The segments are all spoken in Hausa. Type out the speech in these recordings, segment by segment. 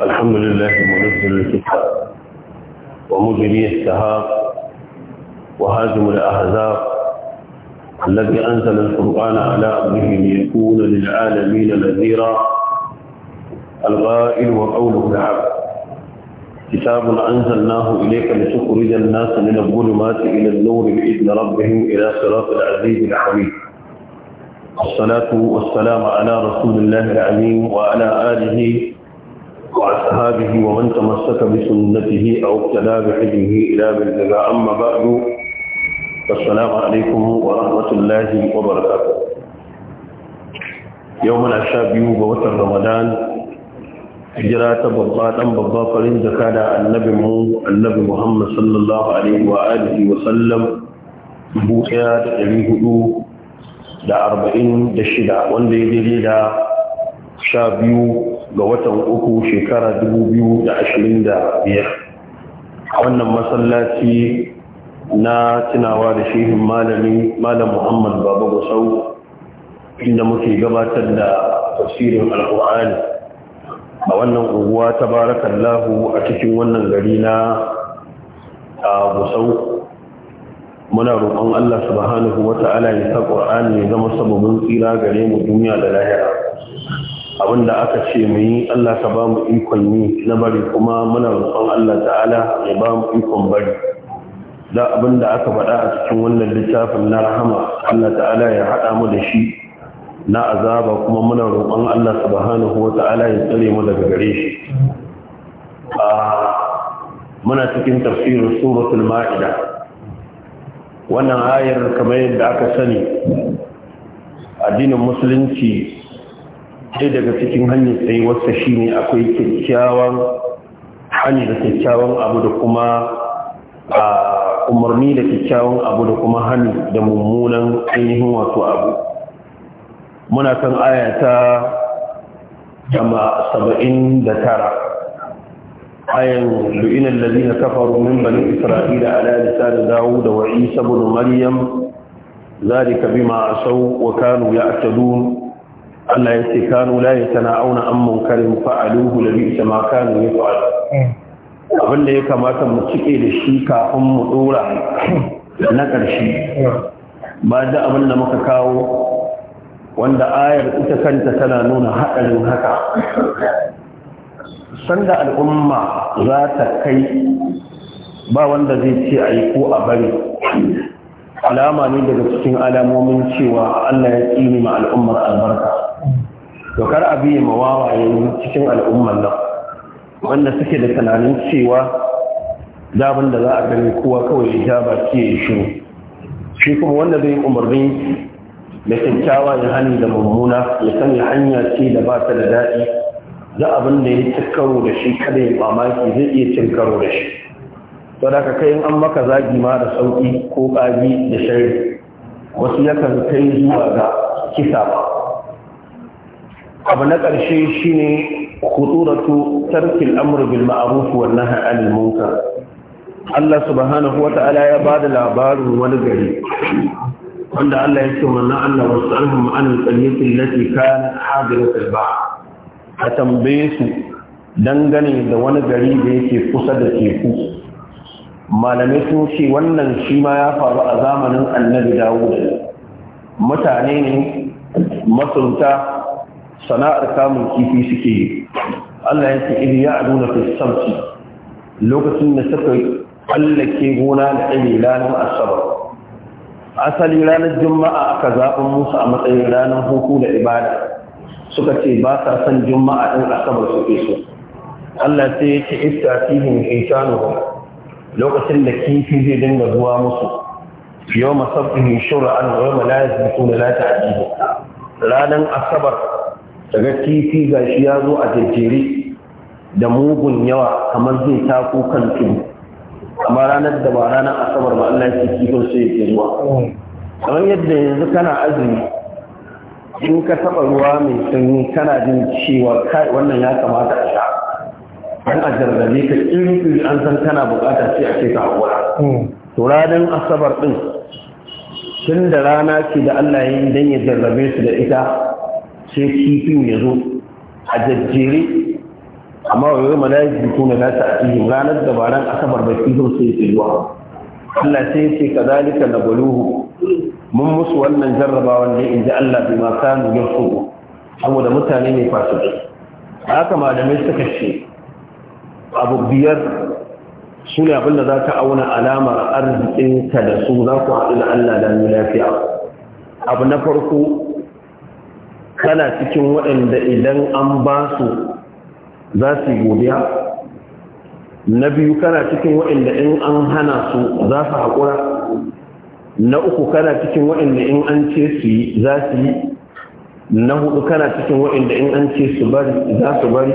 الحمد لله منزل الكتاب ومجري السهاب وهاجم الأحزاب الذي أنزل القرآن على أمره ليكون للعالمين نذيرا الغائل وقوله العبد كتاب أنزلناه إليك لتخرج الناس من الظلمات إلى النور بإذن ربهم إلى صراط العزيز الحميد الصلاة والسلام على رسول الله العليم وعلى آله وأصحابه ومن تمسك بسنته أو ابتلى بحجه إلى بالجزاء أما بعد فالسلام عليكم ورحمة الله وبركاته يوم العشاء بوتر رمضان hijira ta babba dan babba farin jaka da annabi mu annabi Muhammad sallallahu alaihi wa alihi wa sallam dubu ɗaya da ɗari hudu da arba'in da shida wanda ya daidai da sha biyu ga watan uku shekara 2025 a wannan masallaci na tunawa da shehin malami malam muhammad baba gusau inda muke gabatar da tafsirin alkur'ani a wannan unguwa ta barakallahu a cikin wannan gari na a gusau muna roƙon Allah subhanahu wata'ala ya sa Qur'ani zama sababin tsira gare mu duniya da lahira da aka ce mu yi Allah ka ba mu ikon ni na bari kuma muna roƙon Allah ta'ala ya ba mu ikon bari da da aka faɗa a cikin wannan littafin na rahama Allah ta'ala ya haɗa mu da shi na azaba kuma muna roƙon Allah subhanahu wa ta'ala ya tsare mu daga gare shi a muna cikin tafsirin suratul ma'ida wannan ayar kamar yadda aka sani addinin musulunci sai daga cikin hanyar tsayuwarsa shi ne akwai kyakkyawan hanyar da kyakkyawan abu da kuma a umarni da kyakkyawan abu da kuma hannu da mummunan ainihin wato abu muna kan aya ta saba'in da tara ayan lu'inan lalina kafaru min bani isra'ila ala da dawo wa isa ibn maryam zalika bima asaw wa kanu ya'tadun Allah ya ce kanu la ya sana'auna an munkarin fa'aluhu da bi ita ma ya fa'alu hmm. abin da ya kamata mu cike da shi kafin mu dora na ƙarshe ba da abin da muka kawo wanda ayar ita kanta tana nuna haɗarin haka sanda al'umma za ta kai ba wanda zai ce a yi ko a bari alama ne daga cikin alamomin cewa Allah ya tsini ma al'ummar albarka to kar a biye ma wawaye cikin al'umman nan wanda suke da tunanin cewa daban da za a gani kowa kawai ya ce ya shiru shi kuma wanda zai umarni da kyakkyawa ya hani da mummuna ya sani hanya ce da ba ta da daɗi za abin da ya ci karo da shi kada ya mamaki zai iya cin karo da shi to da ka kai an maka zagi ma da sauƙi ko ƙagi da shari wasu yakan kai zuwa ga kisa ba abu na ƙarshe shine khuturatu tarkil amr bil ma'ruf wannan nahy anil Allah subhanahu wata'ala ya bada labarin wani gari wanda Allah ya ce manna Allah wasallam an al-qaryati allati kana kayan al-bahr a tambaye su dangane da wani gari da yake kusa da teku malamai sun ce wannan shi ma ya faru a zamanin annabi dawud mutane ne masunta sana'ar kamun kifi suke yi Allah ya ce in ya aduna fi samti lokacin da suka tsallake gona da ɗari ranar asabar asali ranar juma'a aka zaɓin musu a matsayin ranar hutu da ibada suka ce ba sa son juma'a ɗin asabar su ke so Allah sai ya ce istatihin hitanu lokacin da kifi zai dinga zuwa musu yau masabtihin shura'an wa yau ma la yasbitu la ta'dibu ranar asabar daga titi ga shi ya zo a jejjere da mugun yawa kamar zai tako kan tudu kamar ranar da ba ranar asabar ba Allah ya kifin sai ke zuwa kamar yadda yanzu kana azumi in ka taba ruwa mai sanyi kana jin cewa kai wannan ya kamata a sha an a jarrabe ka iri an san kana bukata sai a ce ka hakura to ranar asabar din tun da rana ce da Allah ya yi dan ya jarrabe su da ita sai kifin ya zo a jajjere amma wa yau mana yi kuna na a cikin ranar da ba ran asabar ba kifin sai ya zuwa Allah sai ce ka zalika na baluhu mun musu wannan jarrabawar ne in ji Allah bi ma kanu ya saboda mutane ne fasu haka malamai suka ce abu biyar su ne abinda za ka auna alamar arzikinka da su za ku haɗu da Allah da lafiya abu na farko kana cikin waɗanda idan an ba su za su yi godiya na biyu kana cikin waɗanda in an hana su za su haƙura na uku kana cikin waɗanda in an ce su yi za su yi na hudu kana cikin waɗanda in an ce su bari za su bari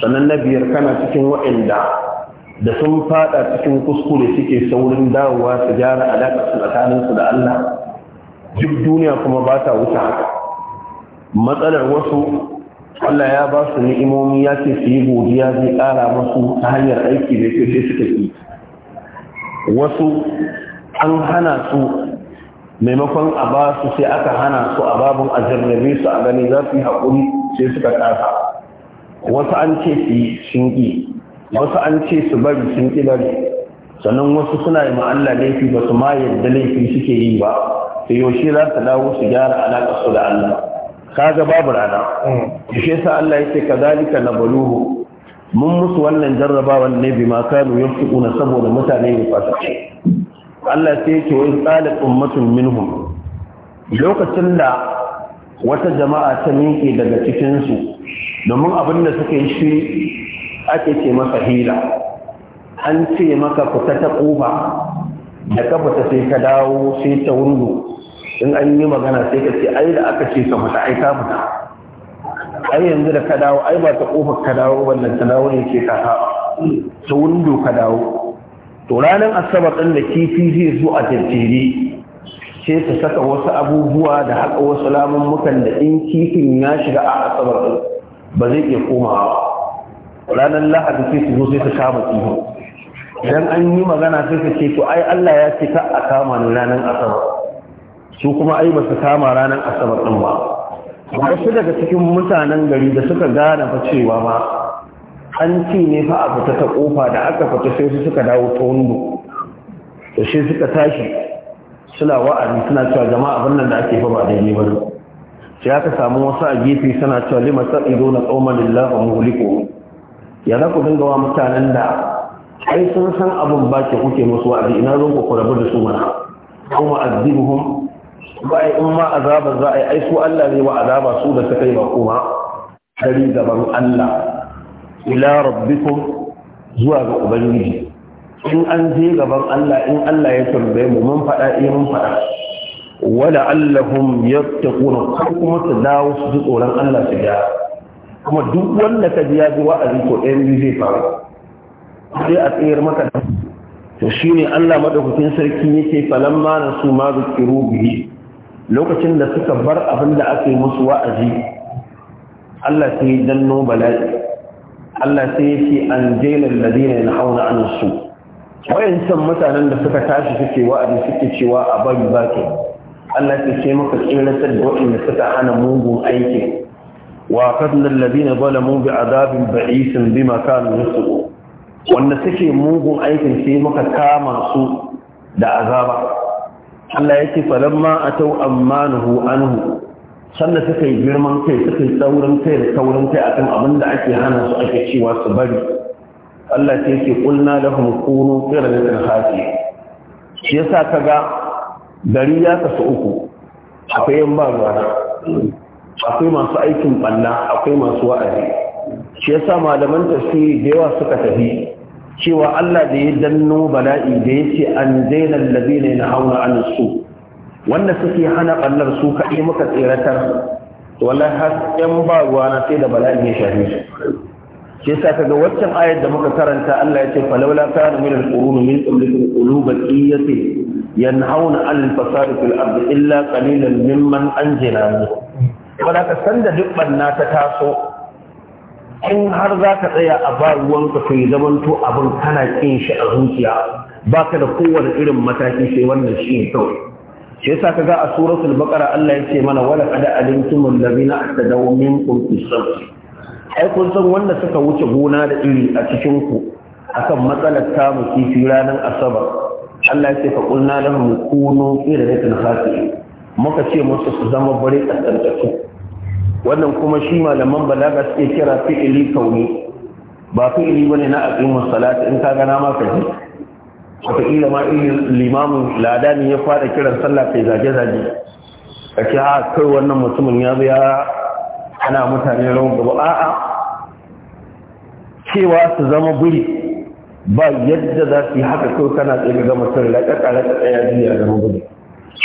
sannan na biyar kana cikin waɗanda da sun fada cikin kuskure suke saurin dawowa su gyara alaƙa su tsakaninsu da Allah duk duniya kuma ba ta wuce haka matsalar wasu Allah ya ba su ni'imomi ya ce su yi godiya zai ƙara masu ta hanyar aiki da ke sai suka yi wasu an hana su maimakon a ba su sai aka hana su a babin a jarrabe su a gani za su yi haƙuri sai suka ƙasa wasu an ce su yi shinƙi wasu an ce su bari sun bari sannan wasu suna yi ma'alla laifi ba su ma yadda laifi suke yi ba sai yaushe za su dawo su gyara alaƙa su da Allah kaga babu rana shi yasa Allah yake na baluhu mun musu wannan jarrabawan ne ma kanu yafquna saboda mutane ne fasace Allah sai yake wa tsala ummatun minhum lokacin da wata jama'a ta minke daga cikin su domin abin da suka yi shi ake ce masa hila an ce maka fita ta ƙofa da ka fita sai ka dawo sai ta wundu in an yi magana sai ka ce ai da aka ce ka fita ai ka fita ai yanzu da ka dawo ai ba ta kofar ka dawo wannan ta dawo ne ke ka ha ta windo ka dawo to ranar asabar ɗin da kifi zai zo a tajjiri sai ta saka wasu abubuwa da haka wasu lamummukan da in kifin ya shiga a asabar din ba zai iya komawa ranar lahadi sai su zo sai su kama kifi idan an yi magana sai su ce to ai Allah ya ce ka a kama ni ranar asabar su kuma ai ba su kama ranar asabar ɗin ba wasu daga cikin mutanen gari da suka gane fa cewa ma an ci ne fa a fita ta kofa da aka fita sai su suka dawo ta wando da shi suka tashi suna wa'azi suna cewa jama'a abin nan da ake fa ba daidai ba sai aka samu wasu a gefe suna cewa lima ido na tsoman lillahi muhliku ya za ku dinga wa mutanen da ai sun san abin ba ke kuke musu wa'azi ina zo ku kurabu da su mana kuma azibuhum ba ai in ma azaba za a yi ai su Allah ne ba azaba su da suka yi ba kuma dari gaban Allah ila rabbikum zuwa ga ubangiji in an je gaban Allah in Allah ya tambaye mu mun faɗa eh mun faɗa wala allahum yattaquna ko kuma su dawo su ji tsoron Allah su ga kuma duk wanda ka ji ya ji wa'azi to ɗayan biyu zai faru sai a tsayar maka da to shi ne Allah maɗaukakin sarki yake falamma na su ma zukiru bihi lokacin da suka bar abin da aka yi musu wa'azi Allah sai yi danno bala'i Allah sai ya ce an jailar ladina na auna an su wayancan mutanen da suka tashi suke wa'azi suke cewa a bari ba ke Allah sai ce maka tsiratar da waɗanda suka hana mugun aiki wa kadna ladina zalamu bi azabin ba'isin bima kanu yasbu wanda suke mugun aikin sai muka kama su da azaba Allah ya ce a tau ammanuhu anhu sannan suka yi girman kai suka yi tsaurin kai da tsaurin kai akan abin da ake hana su ake cewa su bari Allah ce kulna lahum da qiradatan hafi shi yasa kaga gari ya kasu uku akwai yan ba akwai masu aikin banna akwai masu wa'azi shi yasa malaman tafsiri da yawa suka tafi cewa Allah da ya danno bala'i da ya ce an zaina lalabina na hauna an su wanda suke hana ɓallar su kaɗai muka tseratar wallahi har ƴan ba ruwa na sai da bala'i ya shafe su shi yasa waccan ayar da muka karanta Allah ya ce falawla kana min al-qurun min qablikum quluban iyati yanhauna an al-fasad fil ard illa qalilan mimman anjina Ba da ka da duk banna ta taso in har za ka tsaya a ba ruwanka to yi zamanto abin kana kin shi a zuciya ba ka da kowane irin mataki sai wannan shi ne kawai shi yasa ga a suratul baqara Allah ya ce mana wala qad alimtumul ladina atadaw minkum fis-sabr ai kun san wanda suka wuce gona da iri a cikin ku akan matsalar mu kifi ranar asabar Allah ya ce fa qulna lahum kunu qiradatan khasi'in muka ce musu su zama bare kasantattu wannan kuma shi malaman balaga suke kira fi'ili kauni ba fi'ili bane na aqimus salati in ka gana ma kaji wataƙila ma in limamin lada ne ya fara kiran sallah kai zage-zage ka ce ha ah, kai wannan mutumin ya biya ana mutane rawan gaba a'a cewa su zama guri ba yadda za su yi haka kai kana tsaye ga mutum laƙaƙa laƙaƙa ya zama guri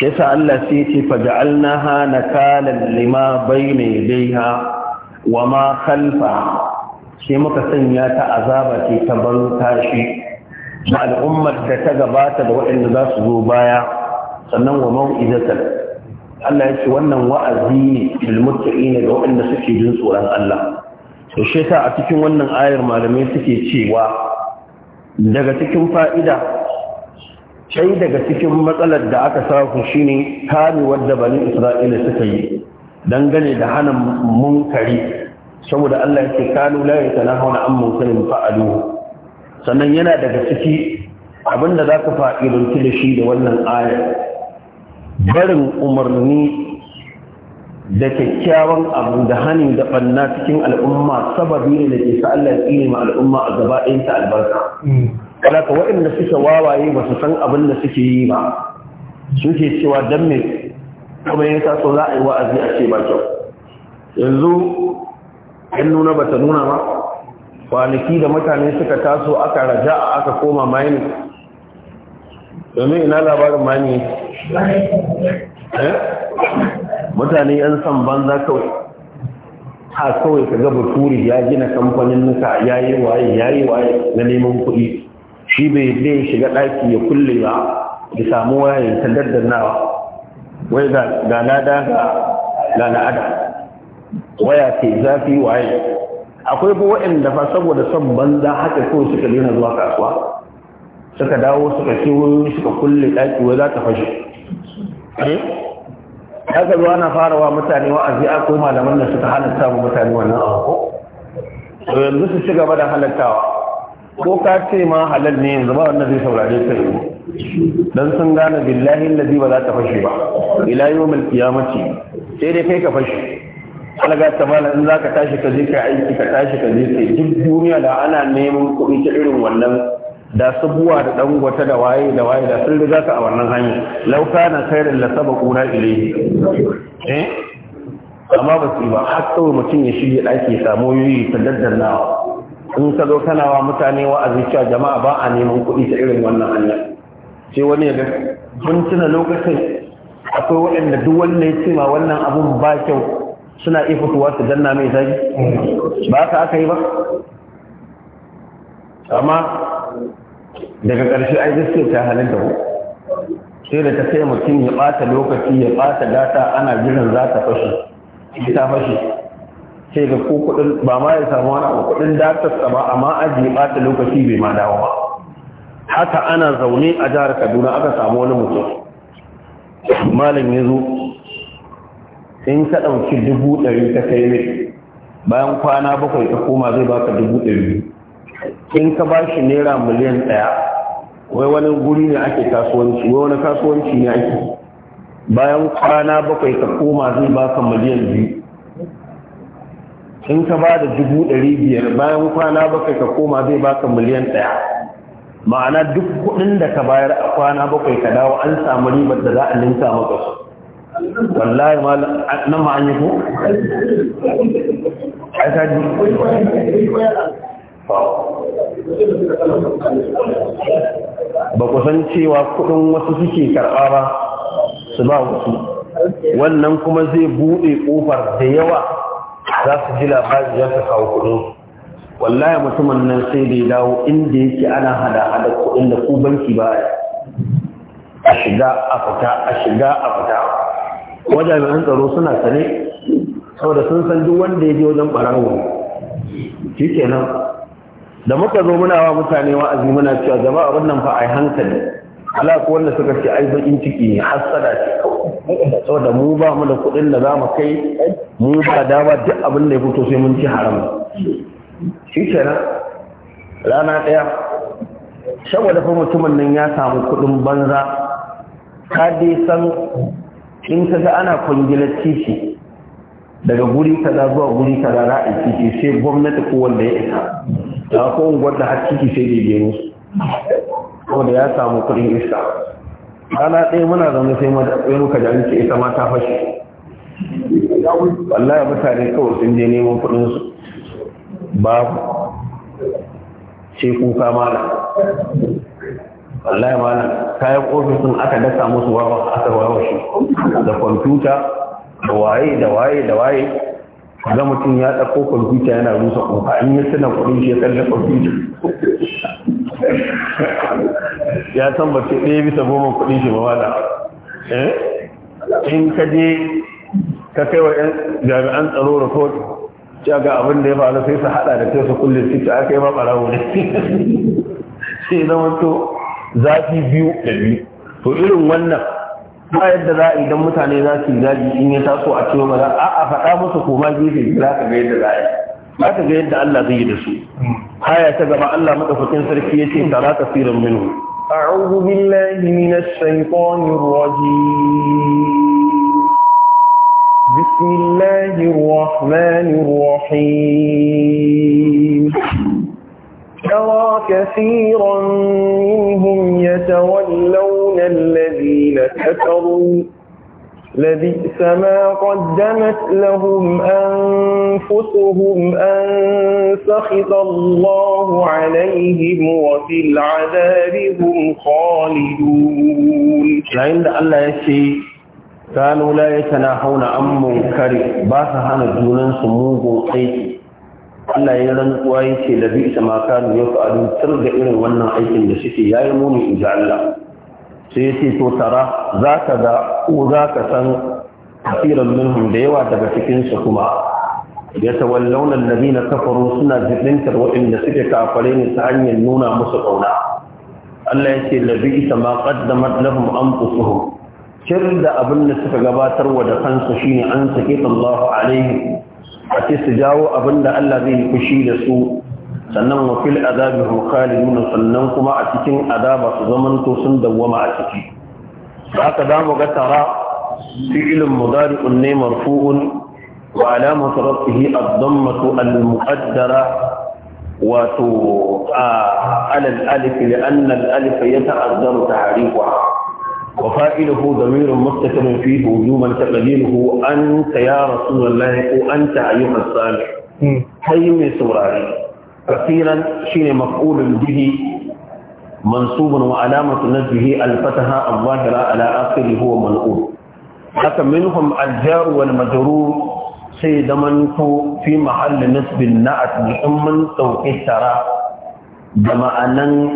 shi Allah sai ya ce faja'alnaha nakalan lima bayna yadayha wa ma khalfa sai muka sanya ta azaba ce ta ban tashi da al'ummar da ta gabata da waɗanda za su zo baya sannan wa mau'izatan Allah ya ce wannan wa'azi ne lil muttaqina ga waɗanda suke jin tsoron Allah to shi yasa a cikin wannan ayar malamai suke cewa daga cikin fa'ida sai daga cikin matsalar da aka samu shine kame wadda bani isra'ila suka yi dangane da hana munkari saboda Allah yake kanu la hauna an munkarin fa'alu sannan yana daga ciki abinda za ka fa'idanci da shi da wannan aya barin umarni da kyakkyawan abu da hani da banna cikin al'umma sababi ne da ke sa Allah ya ma al'umma a gaba ɗayan ta albarka mm. kalaka waɗanda suke wawaye ba su san abin da suke yi ba suke cewa dan mai kuma ya taso za a yi wa'azi a ce ba kyau yanzu yan nuna ba ta nuna ba kwanaki da mutane suka taso aka raja a aka koma mayani domin ina labarin mani eh? mutane yan san banza kawai ha kawai ka gaba turi ya gina kamfanin nuka ya waye ya yi waye na neman kuɗi shi bai zai shiga ɗaki ya kulle ba ya samu waye ta daddannawa wai ga lada ga la'ada waya ke zafi waye akwai ba waɗanda fa saboda son banza haka kawai suka daina zuwa kasuwa suka dawo suka kewayo suka kulle ɗaki wai za ta fashe eh? haka zuwa na farawa mutane wa'azi akwai malaman da suka halatta wa mutane wannan abu ko yanzu su ci gaba da halattawa ko ka ce ma halal ne yanzu ba wanda zai saurare ka yi dan sun gane billahi allazi ba za ta fashe ba ila yawmil qiyamati sai dai kai ka fashe alaga ta mala in zaka tashi ka je ka aiki ka tashi ka je kai duk duniya da ana neman kuɗi ta irin wannan da sabuwa da dangwata da waye da waye da sun riga ka a wannan hanyar lauka na khairin la sabaquna ilayhi eh amma ba su ba har kawai mutum ya shige ɗaki ya samu yoyi ta daddannawa in ka zo kana wa mutane wa'azi cewa jama'a ba a neman kuɗi ta irin wannan hanya sai wani ya ga mun tuna lokacin akwai waɗanda duk wanda ya ce wannan abun ba kyau suna iya fitowa su danna mai zagi ba ka aka yi ba amma daga ƙarshe ai gaskiya ta halin da sai da ta sai mutum ya ɓata lokaci ya ɓata data ana jiran za ta fashe ta fashe sai ga ko kudin ba ma ya samu wani abu kuɗin datarsa ba amma ajiye bata lokaci bai ma dawo ba haka ana zaune a jihar kaduna aka samu wani mutum malam ya zo in ka ɗauki dubu ɗari ta kai mai bayan kwana bakwai ta koma zai baka dubu ɗari in ka ba shi naira miliyan ɗaya wai wani guri ne ake kasuwanci wai wani kasuwanci ne ake bayan kwana bakwai ka koma zai baka miliyan biyu in ka ba da dubu ɗari biyar bayan kwana bakwai ka koma zai baka miliyan ɗaya ma'ana duk kuɗin da ka bayar a kwana bakwai ka dawo an samu ribar da za a ninka maka su wallahi ma nan ma an yi ko ba ku san cewa kuɗin wasu suke karɓa ba su ba wasu wannan kuma zai buɗe ƙofar da yawa za su ji labari za su kawo kuɗin wallahi mutumin nan sai bai dawo inda yake ana hada hada kuɗin da ku banki ba a shiga a fita a shiga a fita wajen tsaro suna sane saboda sun san duk wanda ya je wajen ɓarawo shi kenan da muka zo muna wa mutane wa'azi muna cewa jama'a wannan fa a hankali ala wanda suka ce ai bakin ciki ne hasada ce saboda mu ba mu da kuɗin da za mu kai mu ba dama duk abin da ya fito sai mun ci haram shi na, rana ɗaya saboda fa mutumin nan ya samu kuɗin banza ka dai san in ka ga ana kwangilar titi daga guri kaza zuwa guri kaza za a titi sai gwamnati ko wanda ya isa da ko unguwar har titi sai bai biyo saboda ya samu kuɗin iska rana ɗaya muna zaune sai matakwai muka da ce ita ma ta fashe wallahi mutane kawai sun je neman kuɗinsu babu ce kuka mana wallahi mana kayan ofisun aka dasa musu wawa aka wawa shi da kwamfuta da waye da waye da waye ga mutum ya ɗauko kwamfuta yana rusa kuka an yi suna kuɗin shi ya kalle kwamfuta ya san mace ɗaya bisa goma kuɗin shi wada eh? in ka je ka kai wa jami'an tsaro report cewa ga abin da ya faru sai su haɗa da kai su kulle su ci aka yi maɓara wuri sai na to zafi biyu da biyu to irin wannan ba yadda za a idan mutane za su yi zaji in ya taso a ce ba za a faɗa musu koma gefe za ka ga yadda za a yi za ka ga yadda Allah zai yi da su haya hmm. ta gaba Allah madaukakin sarki ya yace tara kasirin minu أعوذ بالله من الشيطان الرجيم بسم الله الرحمن الرحيم ترى كثيرا منهم يتولون الذين كفروا لبئس ما قدمت لهم أنفسهم أن سخط الله عليهم وفي العذاب هم خالدون لعند الله يشي كانوا لا يتناحون عن منكر باس هانا جونان سموه أيتي Allah ya rantsuwa yake da bi ma kanu ya fa'alu tar da irin wannan aikin da suke yayi muni inji Allah sai ya ce to tara za ka ga ko za ka san kafiran minhum da yawa daga cikinsu kuma ya tawallawna alladhina kafaru suna jibintar waɗanda suke kafare ne ta hanyar nuna musu ƙauna Allah ya ce labi ita ma qaddamat lahum anfusuhum cir da abin da suka gabatar wa da kansu shine an saki Allahu alaihi a ce su jawo abin da Allah zai yi fushi da su sannan wa fil azabi hum khalidun sannan kuma a cikin azaba su zaman to sun dawwama a ciki haka da mu ga tara fi'lun mudari'un ne marfu'un wa alamatu rabbihi ad-dammatu al-muqaddara wa tu ala al-alif li anna al-alif yata'azzaru tahrifuha وفائله ضمير مستتر فيه هجوما تقليله انت يا رسول الله وانت ايها الصالح هي من saurari. كثيرا شين مفعول به منصوب وعلامة نزله الفتحة الظاهرة على آخره هو منقول حتى منهم الجار والمجرور سيد منتو في محل نسب النعت لأمن توقيت ترى جمعنا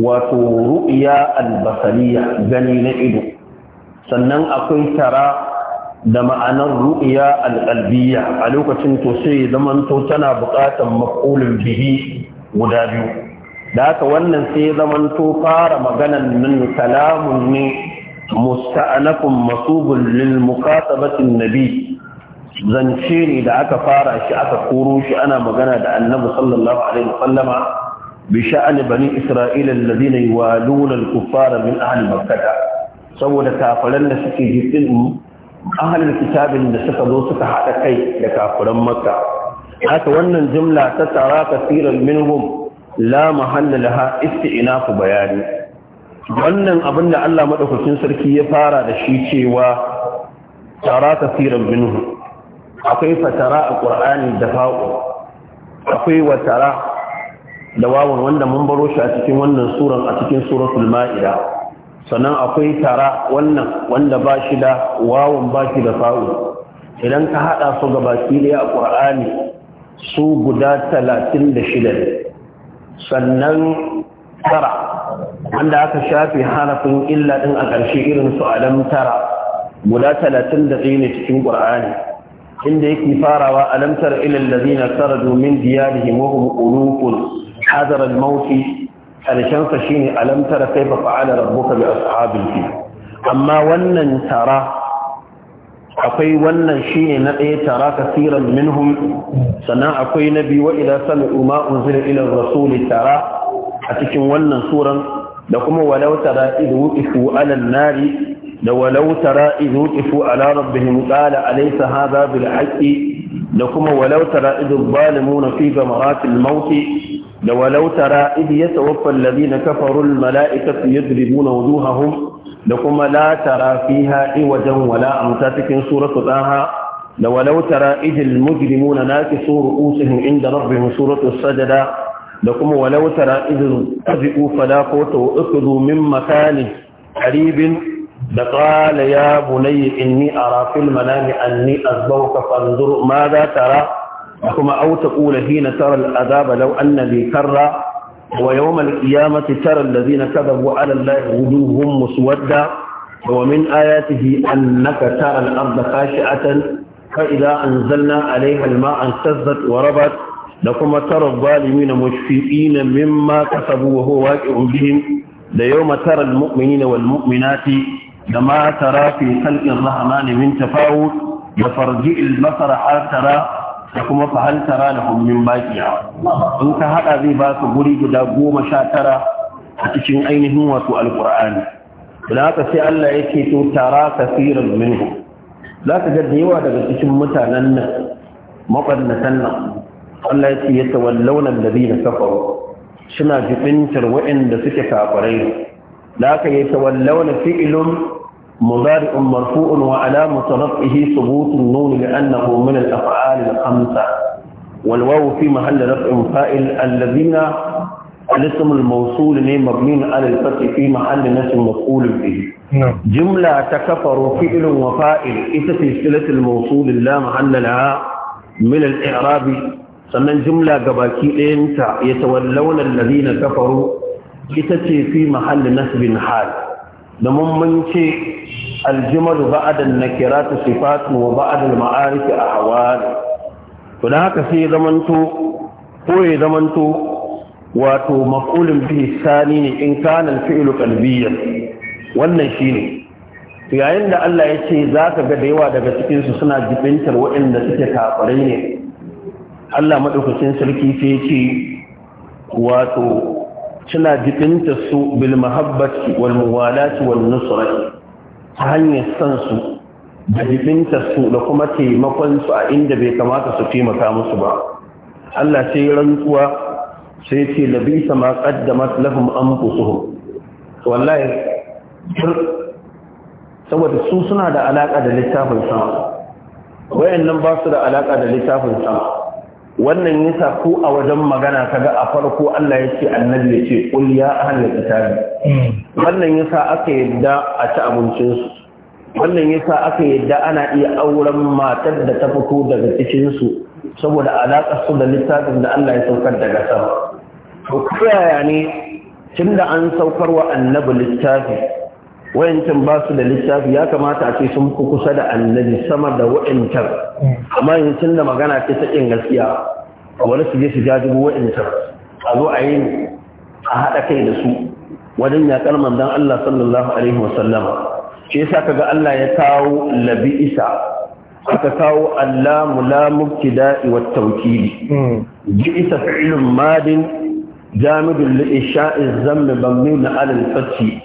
وتو رؤيا البصرية جنين إدو sannan akwai tara da ma'anar ru'iya alƙalbiya a lokacin to sai zamanto tana buƙatar maƙulin bihi guda biyu da haka wannan sai zamanto fara maganan nan kalamun ne musta'anakun masubun lil muqatabatin nabi zance ne da aka fara shi aka koro shi ana magana da annabi sallallahu alaihi wasallama bi sha'ani bani isra'ila alladhina yuwaluna al-kuffara min ahli makkah saboda kafaran da suke jikin ahalin kitabin da suka zo suka haɗa kai da kafuran makka haka wannan jumla ta tara kasiran minhum la mahalla laha ku bayani wannan abin da Allah madaukakin sarki ya fara da shi cewa tara kasiran minhum akwai fatara a qur'ani da fa'u akwai watara da wawan wanda mun baro shi a cikin wannan suran a cikin suratul ma'ida sannan akwai tara wannan wanda ba shi da wawan ba shi da fa'u idan ka haɗa su gabaki ɗaya a ƙur'ani su guda talatin da shida sannan tara wanda aka shafe harafin illa ɗin a ƙarshe irin su alam tara guda talatin da ɗaya ne cikin ƙur'ani inda yake farawa alamtar ilal ladina kharaju min diyarihim wa hum ulufun hadar al-maut ƙarshen shine alamtara tara kaifa fa'ala rabbuka bi ashabil amma wannan tara akwai wannan shine na ɗaya tara kasiran minhum sannan akwai na biyu wa idza sami'u ma zira ila rasul tara a cikin wannan suran da kuma walau tara idhu ifu ala nari da walau tara idhu ifu ala rabbihim qala alaysa hadha bil haqqi da kuma walau tara idhu zalimuna fi ghamaratil maut da walau tara idh yatawaffa alladhina kafaru almala'ikatu yadribuna wujuhahum da kuma la tara fiha iwajan wala amsa cikin suratu taha da walau tara idh almujrimuna nakisu ru'usihim inda rabbihim suratu sajada da kuma walau tara idh tafi'u fala qutu ukhudhu min makani qaribin da qala ya bunayya inni ara fil manami anni azbawka fanzur madha tara كما أو تقول حين ترى العذاب لو أن لي كرة ويوم القيامة ترى الذين كذبوا على الله وجوههم مسودة ومن آياته أنك ترى الأرض خاشعة فإذا أنزلنا عليها الماء انتزت وربت لكم ترى الظالمين مشفئين مما كسبوا وهو واقع بهم ليوم ترى المؤمنين والمؤمنات لما ترى في خلق الرحمن من تفاوت وفرجئ البصر حال ترى da kuma fahantara da hummin bakiya in ka hada zai ba su guri guda goma sha tara a cikin ainihin wato alkur'ani da haka sai Allah yake to tara kasiran minhu za ka ga da yawa daga cikin mutanen nan mabarnatan nan Allah ce ya tawallawna alladhina safaru. suna jibintar waɗanda suke kafirai da haka ya tawallawna fi'ilun? مضارع مرفوع وعلامة رفعه ثبوت النون لأنه من الأفعال الخمسة والواو في محل رفع فائل الذين الاسم الموصول مبني على الفتح في محل نسب مفعول به جملة تكفر فعل وفائل إذا في سلة الموصول لا محل لها من الإعراب sannan jumla gabaki ɗayanta ya tawallawna alladhina kafaru ita ce fi mahallin nasbin hal Da mun ce aljimar ba'adan na kira ta sifatu wa ba'adan ma'arifi a Hawari. to da haka sai zamanto ko ya zamanto wato makulin bihi sani ne in kana fi'lu qalbiyyan wannan shine yayin da Allah ya ce za ka ga da yawa daga cikin su suna jibintar waɗanda suke kafirai ne Allah madaukakin sarki sai ya ce wato suna jibinta su bil mahabbati wal muwalati wal nusrati ta hanyar san su da jibinta su da kuma taimakon su a inda bai kamata su taimaka musu ba Allah sai rantsuwa sai ce labisa ma qaddamat lahum anfusuhum wallahi saboda su suna da alaka da littafin sama wayannan ba su da alaka da littafin sama wannan yasa ko a wajen magana ga a farko Allah ya ce annabi ya ce qul ya ahlal kitabi hmm. wannan yasa aka yadda a ci abincin su wannan yasa aka yadda ana iya auren matar da ta fito daga cikin su saboda alaka su da littafin da Allah ya saukar daga sama to kiyaya ne tunda an saukar wa annabi littafi wayancan ba su da littafi ya kamata a ce sun ku kusa da annabi sama da wayancan amma yanzu da magana ce ta kin gaskiya wani su je su ja wayancan a zo a yi a haɗa kai da su wajen yaƙar manzon Allah sallallahu alaihi wa sallama shi yasa kaga Allah ya kawo labi isa aka kawo allamu la mubtida'i wat tawkili Bi isa fi'lun madin jamidul li isha'i zammi bammin al-fathi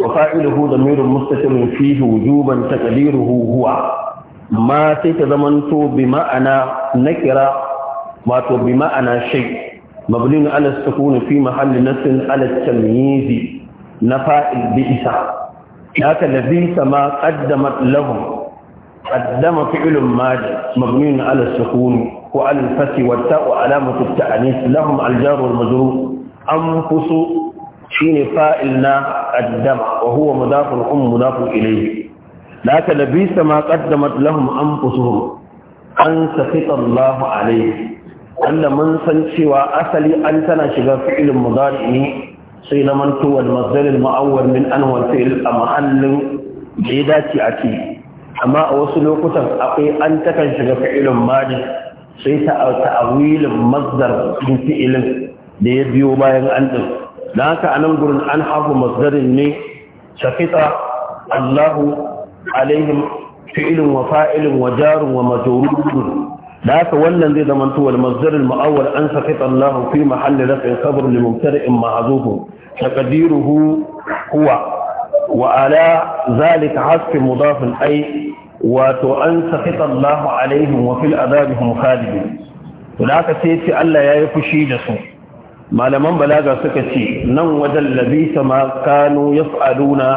وفاعله ضمير مستتر فيه وجوبا تقديره هو ما تتضمنت بمعنى نكرة ما بمعنى شيء مبني على السكون في محل نص على التمييز نفاء البئس ذاك لبئس ما قدمت لهم قدم فعل ماضي مبني على السكون وعلى الفتح والتاء وعلامة التأنيث لهم الجار والمجرور أنفس shine fa'il na qaddama wa huwa mudafun um mudafun ilayhi la ta ma qaddamat lahum anfusuhum an safita Allah alayhi Allah mun san cewa asali an tana shiga fi'ilin mudari ne sai na manto wal mazdar min an wal a mahallin da ya dace a ce amma a wasu lokutan akwai an takan shiga fi'ilin mani, sai ta ta'awilin mazdar fi'ilin da ya biyo bayan an din da haka a nan gurin an hafu masdarin ne shafita allahu alaihim fi'ilin wa fa'ilin wa jarun wa majururun da haka wannan zai zama tuwal masdarin ma'awar an shafita allahu fi mahalli rafin sabar in ma'azuhu taqdiruhu huwa wa ala zalika haske, mudafin ai wato an sakita Allahu alaihim wa fil azabihim khalidin da aka sai ce Allah ya yi fushi da su malaman balaga suka ce nan wajen labisa ma kanu yaf'aluna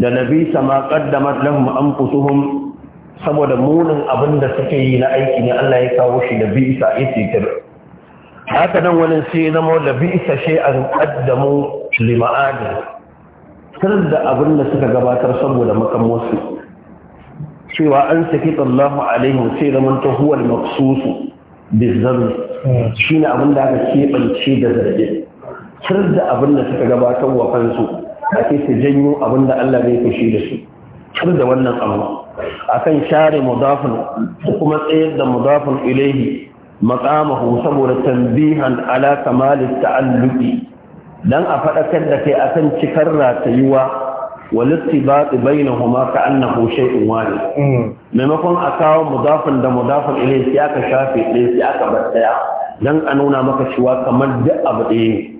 da labisa ma qaddamat lahum anfusuhum saboda munin abin da suke yi na aiki ne Allah ya kawo shi da bisa yace kir haka nan wani sai zama labisa an qaddamu lima'adi kar da abin da suka gabatar saboda makamansu cewa an saki tsallahu alaihi sai zaman ta huwal maqsusu bizzaru hmm. shi ne abin da aka keɓance da zarge cir da abin da suka gabatar wa kansu ake su janyo abin da Allah zai fushi da su cir da wannan abu akan share mudafin da kuma tsayar da mudafin ilaihi maqamahu saboda tambihan ala kamalit ta'alluki dan a faɗakar da kai akan cikar ratayuwa والاستباط بينهما كأنه شيء واحد maimakon a kawo da mudafin ilai sai aka shafe ɗaya sai aka bar ɗaya dan a nuna maka cewa kamar duk abu ɗaya ne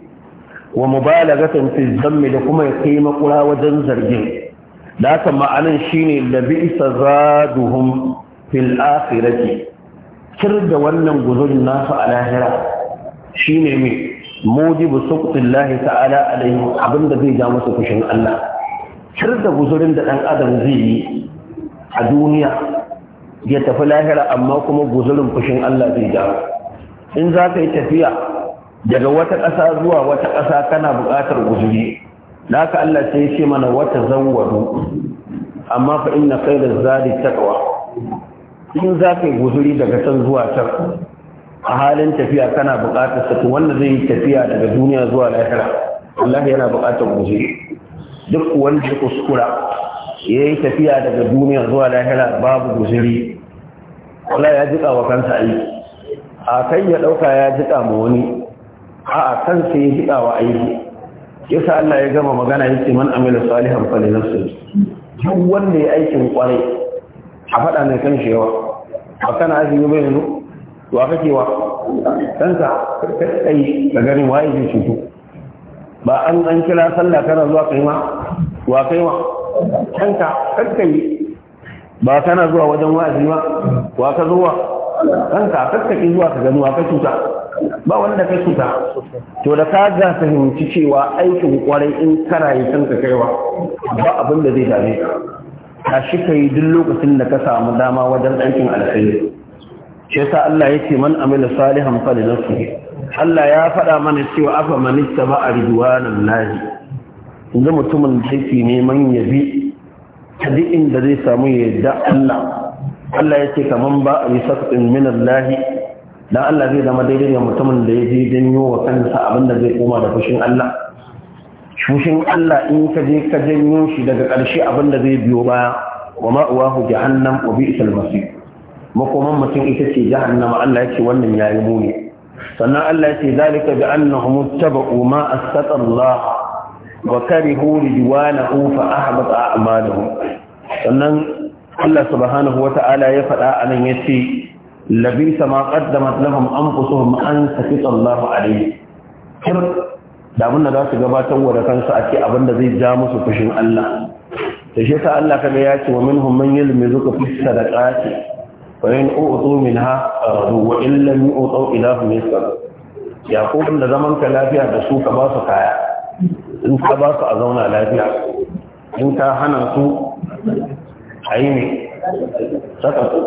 wa mubalagatan fi zammi da kuma ya kai makura wajen zargin da haka ma'anan shine da bi'sa zaduhum fil akhirati kir da wannan guzurin nasu a lahira shine mai mujibu suqtillahi ta'ala alaihi abinda zai ja musu fushin Allah cir da guzurin da ɗan adam zai yi a duniya ya tafi lahira amma kuma guzurin fushin Allah zai ja. in za ka yi tafiya daga wata ƙasa zuwa wata ƙasa kana buƙatar guzuri da haka Allah sai ce mana wata zawwadu amma fa inna khairaz zadi taqwa in za ka yi guzuri daga can zuwa can a halin tafiya kana buƙatar sa wanda zai yi tafiya daga duniya zuwa lahira Allah yana buƙatar guzuri duk wanda ya kuskura ya yi tafiya daga duniya zuwa lahira babu guziri wala ya jiƙa wa kansa aiki a kan ya ɗauka ya jiƙa ma wani a sai ya jiƙa wa aiki yasa Allah ya gama magana ya ce man amila salihan fa linafsi duk wanda ya aikin kwarai a faɗa mai kan shewa ba kana ne bai to wa kake wa kanka kai ka gani waye zai cutu ba an an kira sallah kana zuwa kai ma wa kai ma kanka kanka yi ba kana zuwa wajen wa'azi ma wa ka zuwa kanka kanka ki zuwa ka gani wa ka cuta ba wanda ka cuta to da ka ga fahimci cewa aikin kwarai in kana yi kanka kaiwa ba abin da zai dame ka ka shi kai duk lokacin da ka samu dama wajen aikin alkhairi shi yasa Allah yake man amila salihan falinafsihi Allah ya faɗa mana cewa afa manista ba a riduwanan lahi inda mutumin da yake neman yabi ta duk inda zai samu ya yadda Allah Allah ya ce kaman ba a yi sakatun minan lahi dan Allah zai zama daidai ga mutumin da ya je janyo wa kansa abin da zai koma da fushin Allah fushin Allah in ka je ka janyo shi daga ƙarshe abin da zai biyo baya wa ma'uwahu jahannam wa bi'sal masir makoman mutum ita ce jahannama Allah ya ce wannan yayi muni sannan Allah ya ce zalika bi annahum ittaba'u ma asata Allah wa karihu ridwanahu fa ahbata a'malahum sannan Allah subhanahu wata'ala ya faɗa anan yace labisa ma qaddamat lahum anfusuhum an safita Allah alayhi kir da mun da su gabatar wa da kansu a ce abinda zai ja musu fushin Allah da shi sa Allah kaga ya ce wa minhum man yalmizuka fi sadaqati فإن أعطوا منها رضوا وإن لم يعطوا إلى هم ya يقول da zaman ka lafiya da su ka ba su kaya in ka ba su a zauna lafiya in ka hana su a yi ne saka su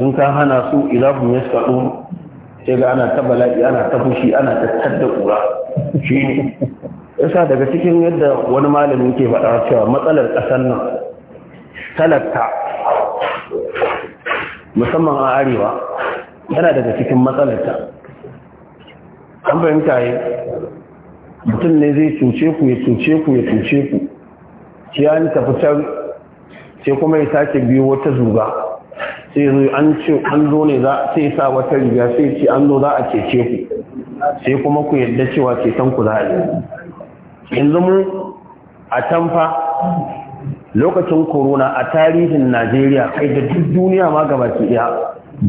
in ka hana su ilahun ya suka sai ga ana ta bala'i ana ta fushi ana ta tadda kura shi ne yasa daga cikin yadda wani malami ke faɗa cewa matsalar ƙasar nan talaka musamman a arewa yana daga cikin matsalarta an fahimta yi mutum ne zai cuce ku ya cuce ku ya cuce ku shi an tafi can sai kuma ya sake biyo wata zuba, sai zai an ce an zo ne za sai sa wata riga sai ce an zo za a cece ku sai kuma ku yadda cewa ceton ku za a yi yanzu mu a tamfa. lokacin corona a tarihin najeriya kai da duk duniya ma gaba ke daya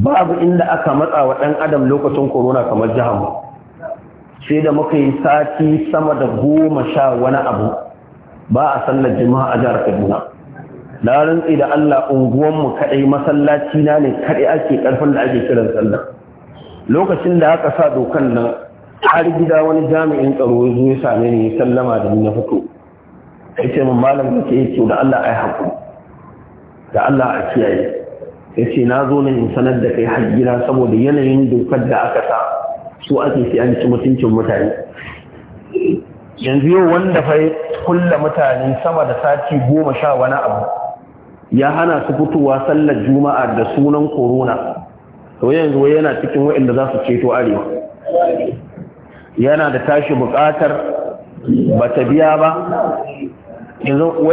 babu inda aka matsa wa ɗan adam lokacin corona kamar jihar mu sai da muka yi sati sama da goma sha wani abu ba a sallar jima'a a jihar kaduna na rantsi da allah unguwanmu kaɗai masallaci na ne kaɗai ake karfin da ake kiran sallar lokacin da aka sa dokan nan har gida wani jami'in tsaro ya zo ya same ni sallama da ni na fito Yace ce min malam da ke yake da Allah ai haƙu da Allah a kiyaye ya ce na zo ne in sanar da kai hajjira saboda yanayin dokar da aka sa su ake sai an ci mutuncin mutane yanzu yau wanda fa kulla mutane sama da sati goma sha wani abu ya hana su fitowa sallar juma'a da sunan corona to yanzu wai yana cikin waɗanda za su ceto arewa yana da tashi buƙatar ba ta biya ba yanzu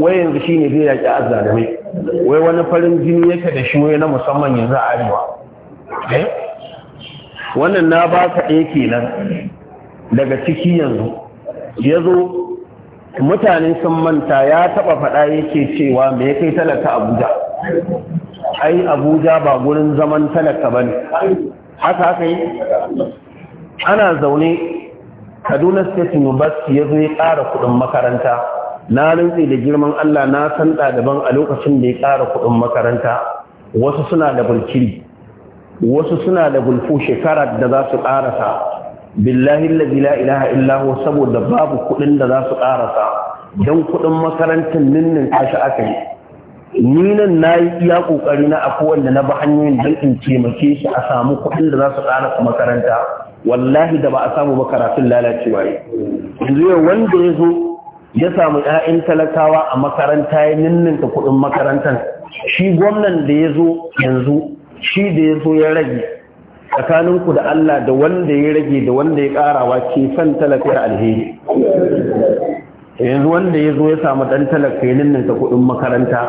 wai yanzu shi ne zai yaƙi azzalumai wai wani farin jini yake da shi na musamman yanzu a arewa eh? wannan na ba ka ɗaya kenan daga ciki yanzu ya zo mutane sun manta ya taɓa faɗa yake cewa me ya kai talaka abuja ai abuja ba gurin zaman talaka ba ne haka haka yi ana zaune kaduna state university ya zo ya ƙara kuɗin makaranta na rantse da girman allah na san ɗaliban a lokacin da ya ƙara kuɗin makaranta wasu suna da bulkiri wasu suna da gulfu shekara da za su ƙarasa billahi la ilaha illahu saboda babu kuɗin da za su ƙarasa don kuɗin makarantar ninnin tashi aka yi ni nan na yi iya ƙoƙari na a wanda na ba hanyoyin don in taimake shi a samu kuɗin da za su ƙarasa makaranta wallahi da ba a samu ba karatun lalacewa yi yanzu yau wanda ya zo ya samu 'ya'yan talakawa a makaranta ya ninninka kuɗin makarantar shi gwamnan da ya zo yanzu shi da ya zo ya rage tsakaninku da Allah da wanda ya rage da wanda ya karawa ke son talakar alheri yanzu wanda ya zo ya samu ɗan talaka ya ninninka kuɗin makaranta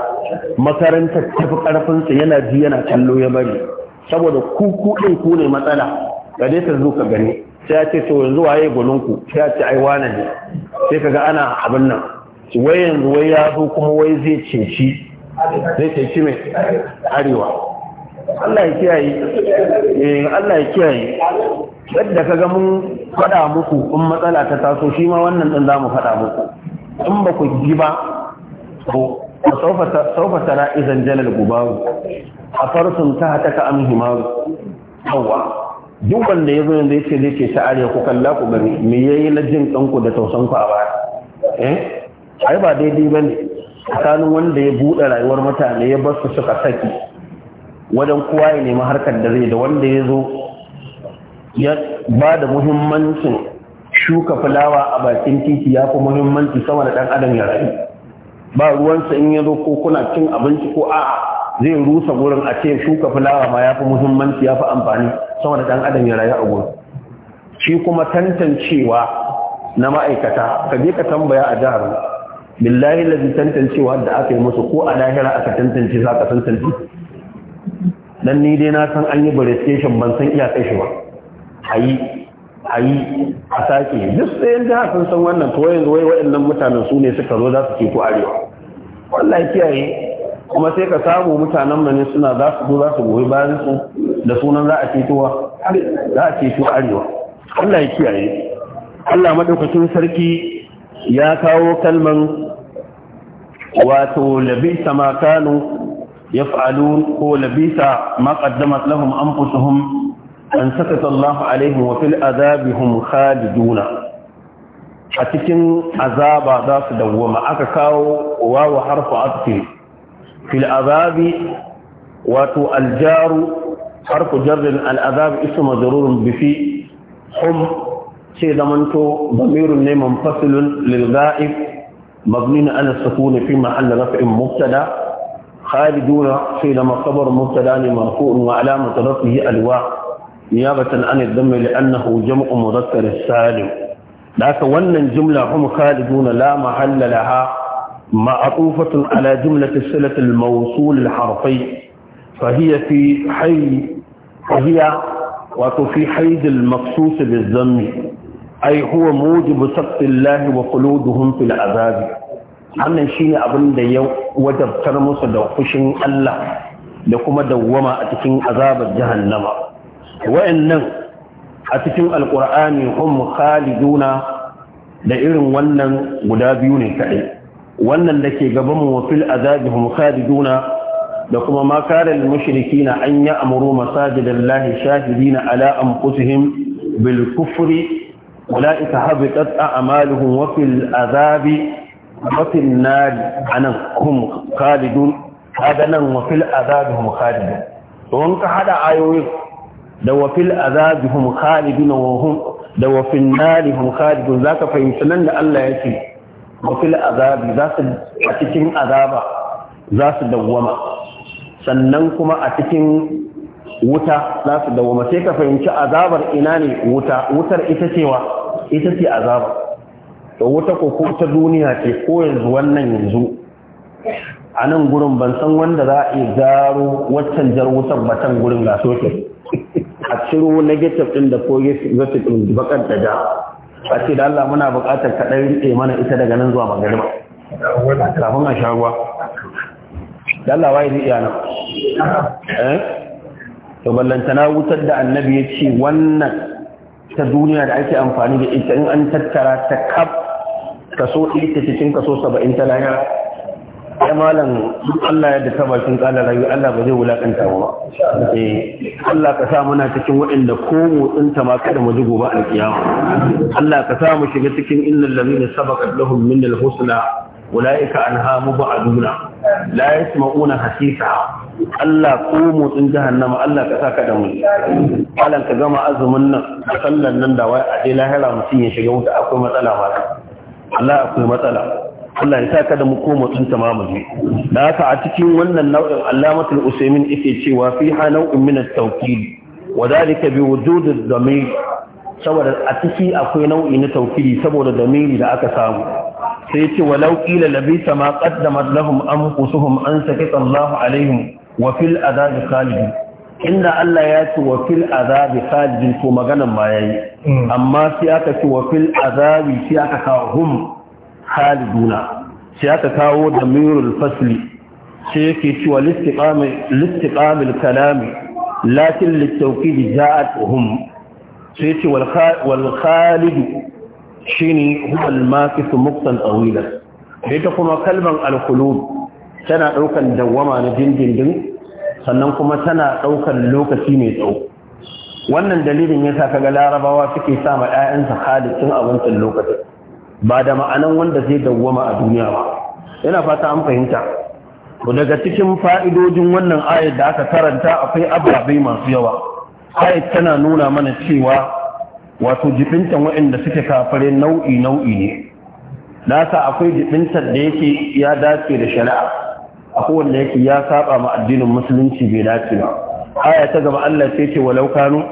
makaranta tafi ƙarfinsa yana ji yana kallo ya bari saboda ku ɗin ku ne matsala ka dai ta zo ka gani sai ya ce to yanzu waye ku sai ya ce ai wane ne sai kaga ana abin nan wai yanzu wai ya zo kuma wai zai ceci zai ceci mai arewa Allah ya kiyaye eh Allah ya kiyaye yadda kaga mun faɗa muku in matsala ta taso shi ma wannan din zamu faɗa muku in ba ku ji ba to saufa tara izan jalal gubaru a farsun ta hataka am himaru hawa duk wanda ya zo yanzu yace zai ce ta arewa ku kalla ku gani me yayi na jin ku da tausan ku a baya eh ai ba daidai bane tsakanin wanda ya buɗe rayuwar mutane ya bar su suka saki wajen kowa ya nemi harkar da zai da wanda ya zo ya ba da muhimmancin shuka fulawa a bakin titi ya fi muhimmanci sama da ɗan adam ya rayu ba ruwansa in ya zo ko kuna cin abinci ko a'a zai rusa gurin a ce shuka fulawa ma ya fi muhimmanci ya fi amfani sama da ɗan adam ya rayu a gurin shi kuma tantancewa na ma'aikata ka je ka tambaya a jihar billahi lazi tantancewa da aka yi musu ko a lahira aka tantance za ka tantance dan ni dai na san an yi verification ban san iya kai shi ba ayi ayi a sake duk tsayin jihar sun san wannan to yanzu wai waɗannan mutanen su ne suka zo za su ke ku arewa wallahi kiyaye kuma sai ka samu mutanen mani suna za su zo za su goyi bayan su da sunan za a cetowa za a ceto arewa Allah ya kiyaye Allah madaukakin sarki ya kawo kalman wato labisa ma kanu yaf'alun ko labisa ma qaddamat lahum anfusuhum an sakata Allah alaihim wa fil azabi khaliduna a cikin azaba za su dawwama aka kawo wawa harfa atfi fil azabi wato aljaru harku jarrin al’azabi isu mazururin bifi hum ce zamanto zamirin neman fasilun lilza'i magnina ana sukuni fi ma'alla na fa'in mubtada khaliduna sai da makabar mubtada ne marfu'un wa alama ta rasu yi alwa niyabatan ana mai li annahu jam'u mudakkar salim da haka wannan jumla kuma khaliduna la mahalla ha? معطوفة على جملة الصلة الموصول الحرفي فهي في حي فهي وفي حيد المخصوص بالذم أي هو موجب سقط الله وخلودهم في العذاب wannan shine abin da ya wajabtar musu da fushin Allah da kuma dawwama a cikin azabar jahannama wa'annan a cikin alqur'ani hum khaliduna da irin wannan guda biyu ne kaɗai. wannan da ke gabanmu mu wafil azabihum khaliduna da kuma ma kare na an ya amuru masajidallahi shahidina ala anfusihim bil kufri ulaika habitat a wa fil azabi wa fil nar anan hum khalidun hada nan wa fil azabihum khalidun to in ka haɗa ayoyi da wa fil azabihum khalidun wa da wa fil nar hum khalidun zaka fahimci nan da Allah ya yake mafil azabi za su a cikin azaba za su dawwama sannan kuma a cikin wuta za su dawwama sai ka fahimci azabar ina ne wuta wutar ita cewa ita ce azaba to wuta ko ko ta duniya ce ko yanzu wannan yanzu a nan gurin ban san wanda za a iya zaro waccan jar wutar batan gurin ga soke a ciro negative din da ko zafi din bakar da da a ce da Allah muna bukatar kaɗai ruɗe mana ita daga nan zuwa magariba kafin a sha ruwa da Allah waye riƙe ana eh? to ballantana wutar da annabi ya ce wannan ta duniya da ake amfani da ita in an tattara ta kaf kaso cikin kaso 70 ta lahira ya malam Allah ya da sabashin kala rayu Allah ba zai wulakanta ba eh Allah ka sa muna cikin waɗanda ko motsin ta ma kada mu ji gobe alkiyama Allah ka sa mu shiga cikin innal ladina sabaqat lahum min al-husna ulaika anha mubaduna la yasma'una hasisa Allah ko motsin jahannama Allah ka sa ka da mu malam ka gama azumin nan sallan nan da wai a dai lahira mutum ya shiga wuta akwai matsala ma Allah akwai matsala Allah ya saka da mu koma tun tamamu ne da haka a cikin wannan nau'in alamatul usaimin yake cewa fi ha nau'in min at-tawkil wa dalika bi wujud ad-damir saboda a ciki akwai nau'i na tawkili saboda damiri da aka samu sai ce walau qila labisa ma qaddamat lahum anfusuhum an sakata Allah alaihim wa fil adab khalid inda Allah ya ce wa fil azabi khalid ko maganan ma yayi hmm. amma sai aka ce wa fil azabi sai aka kawo hum Haliduna sai aka kawo da mirul fasli sai yake cewa listiqamil kalami lakin littaukidi ja'at hum sai ce wal khalidu shine huwa al makis muqtan awila ita kuma kalban al tana ɗaukar dawama na dindindin sannan kuma tana ɗaukar lokaci mai tsawo wannan dalilin yasa kaga larabawa suke sa ma 'ya'yansa khalid tun abincin lokacin ba da ma'anan wanda zai dawwama a duniya ba yana fata an fahimta to daga cikin fa'idojin wannan ayar da aka karanta akwai ababai masu yawa ayat tana nuna mana cewa wato jibintan waɗanda suke kafare nau'i nau'i ne Na sa akwai jibintan da yake ya dace da shari'a akwai wanda yake ya saba ma addinin musulunci bai dace ba aya ta gaba Allah sai ce walau kanu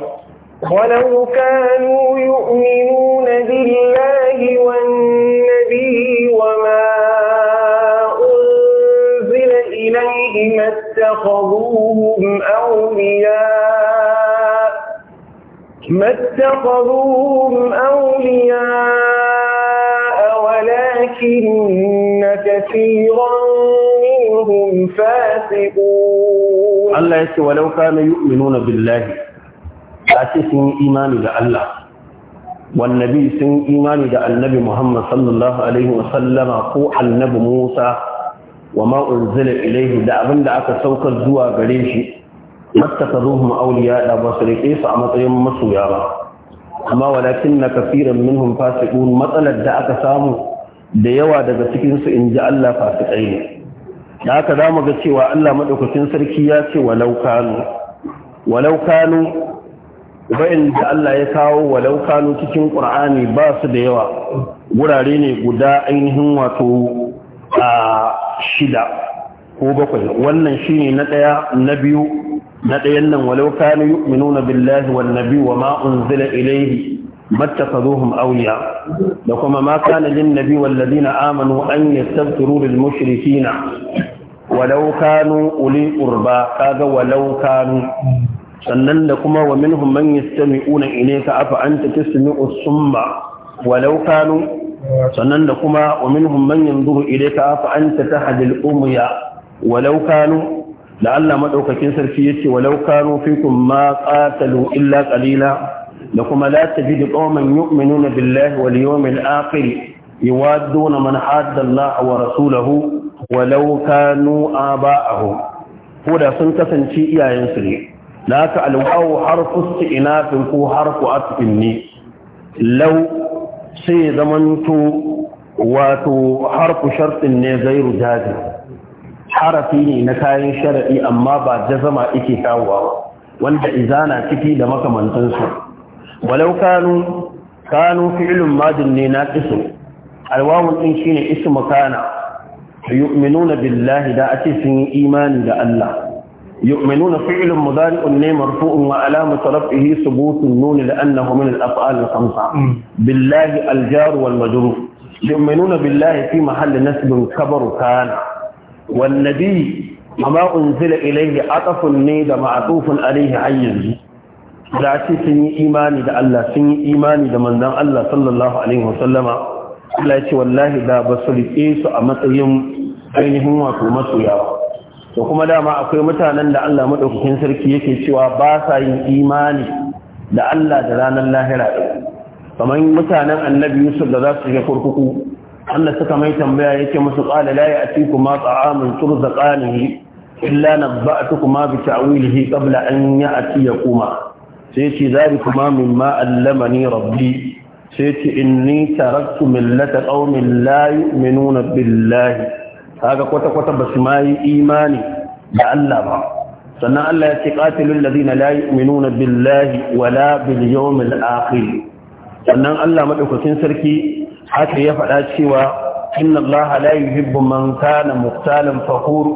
ولو كانوا يؤمنون بالله والنبي وما أنزل إليه ما اتخذوهم أولياء ما اتخذوهم أولياء ولكن كثيرا منهم فاسقون الله يسوى ولو كانوا يؤمنون بالله a sun yi imani da Allah wannabi sun yi imani da annabi Muhammad sallallahu alaihi wa sallama ko annabi Musa wa ma unzila ilaihi da abin da aka saukar zuwa gare shi mattakazuhum awliya da ba su rike su a matsayin masoya ba amma walakin na kafiran minhum fasiqun matsalar da aka samu da yawa daga cikin su inji Allah fasikai ne da haka za mu ga cewa Allah madaukakin sarki ya ce walau kanu walau kanu da Allah ya kawo walau kanu cikin ƙur'ani ba su da yawa wurare ne guda ainihin wato a shida ko bakwai wannan shine na daya na biyu na dayan nan walau kanu yu'minuna billahi wan nabi wa ma unzila ilayhi mattakhadhuhum awliya da kuma ma kana lin nabi wal ladina amanu an yastaghfiru lil mushrikina walau kanu uli qurba kaga walau kanu sannan da kuma wa minhum man yastami'una ilayka afa anta tasmi'u summa walau kanu sannan da kuma wa minhum man yanzuru ilayka afa anta tahdil umya walau kanu da Allah madaukakin sarki yace walau kanu fikum ma qatalu illa qalila da kuma la tajidu qauman yu'minuna billahi wal yawmil akhir يوادون من حاد الله ورسوله ولو كانوا آباءهم ko da sun kasance iyayensu ne da haka alwawu harfu isti'nafin ko harfu atfin ne law sai zamanto wato harfu shartin ne gairu jazim harafi ne na kayan sharaɗi, amma ba jazama yake kawowa wanda izana ciki da makamantansu walau kanu kanu fi'lun madin ne na kisu alwawun din shine ismu kana yu'minuna billahi da ake sun yi imani da Allah يؤمنون فعل مضارع مرفوع وعلامة رفعه ثبوت النون لأنه من الأفعال الخمسة بالله الجار والمجرور يؤمنون بالله في محل نسب كبر كان والنبي وما أنزل إليه عطف نيد معطوف عليه عين da ce sun yi imani da Allah sun yi imani da manzan Allah sallallahu alaihi wasallama Allah ya ce wallahi da ba su rike su a matsayin ainihin wato masoya ba to kuma dama akwai mutanen da Allah maɗaukakin sarki yake cewa ba sa yin imani da Allah da ranar lahira kamar mutanen annabi Yusuf da za su shiga kurkuku Allah suka mai tambaya yake musu qala la ya'tikum ma ta'amun turzaqanihi illa nabba'tukum bi ta'wilihi qabla an ya'tiyakuma sai ce zalikuma mimma allamani rabbi sai ce inni taraktu millata qaumin la yu'minuna billahi kaga kwata-kwata ba su ma yi imani da Allah ba sannan Allah ya ce qatilul ladina la yu'minuna billahi wala bil yawmil akhir sannan Allah madaukakin sarki haka ya faɗa cewa inna Allah la yuhibbu man kana muqtalan fakhur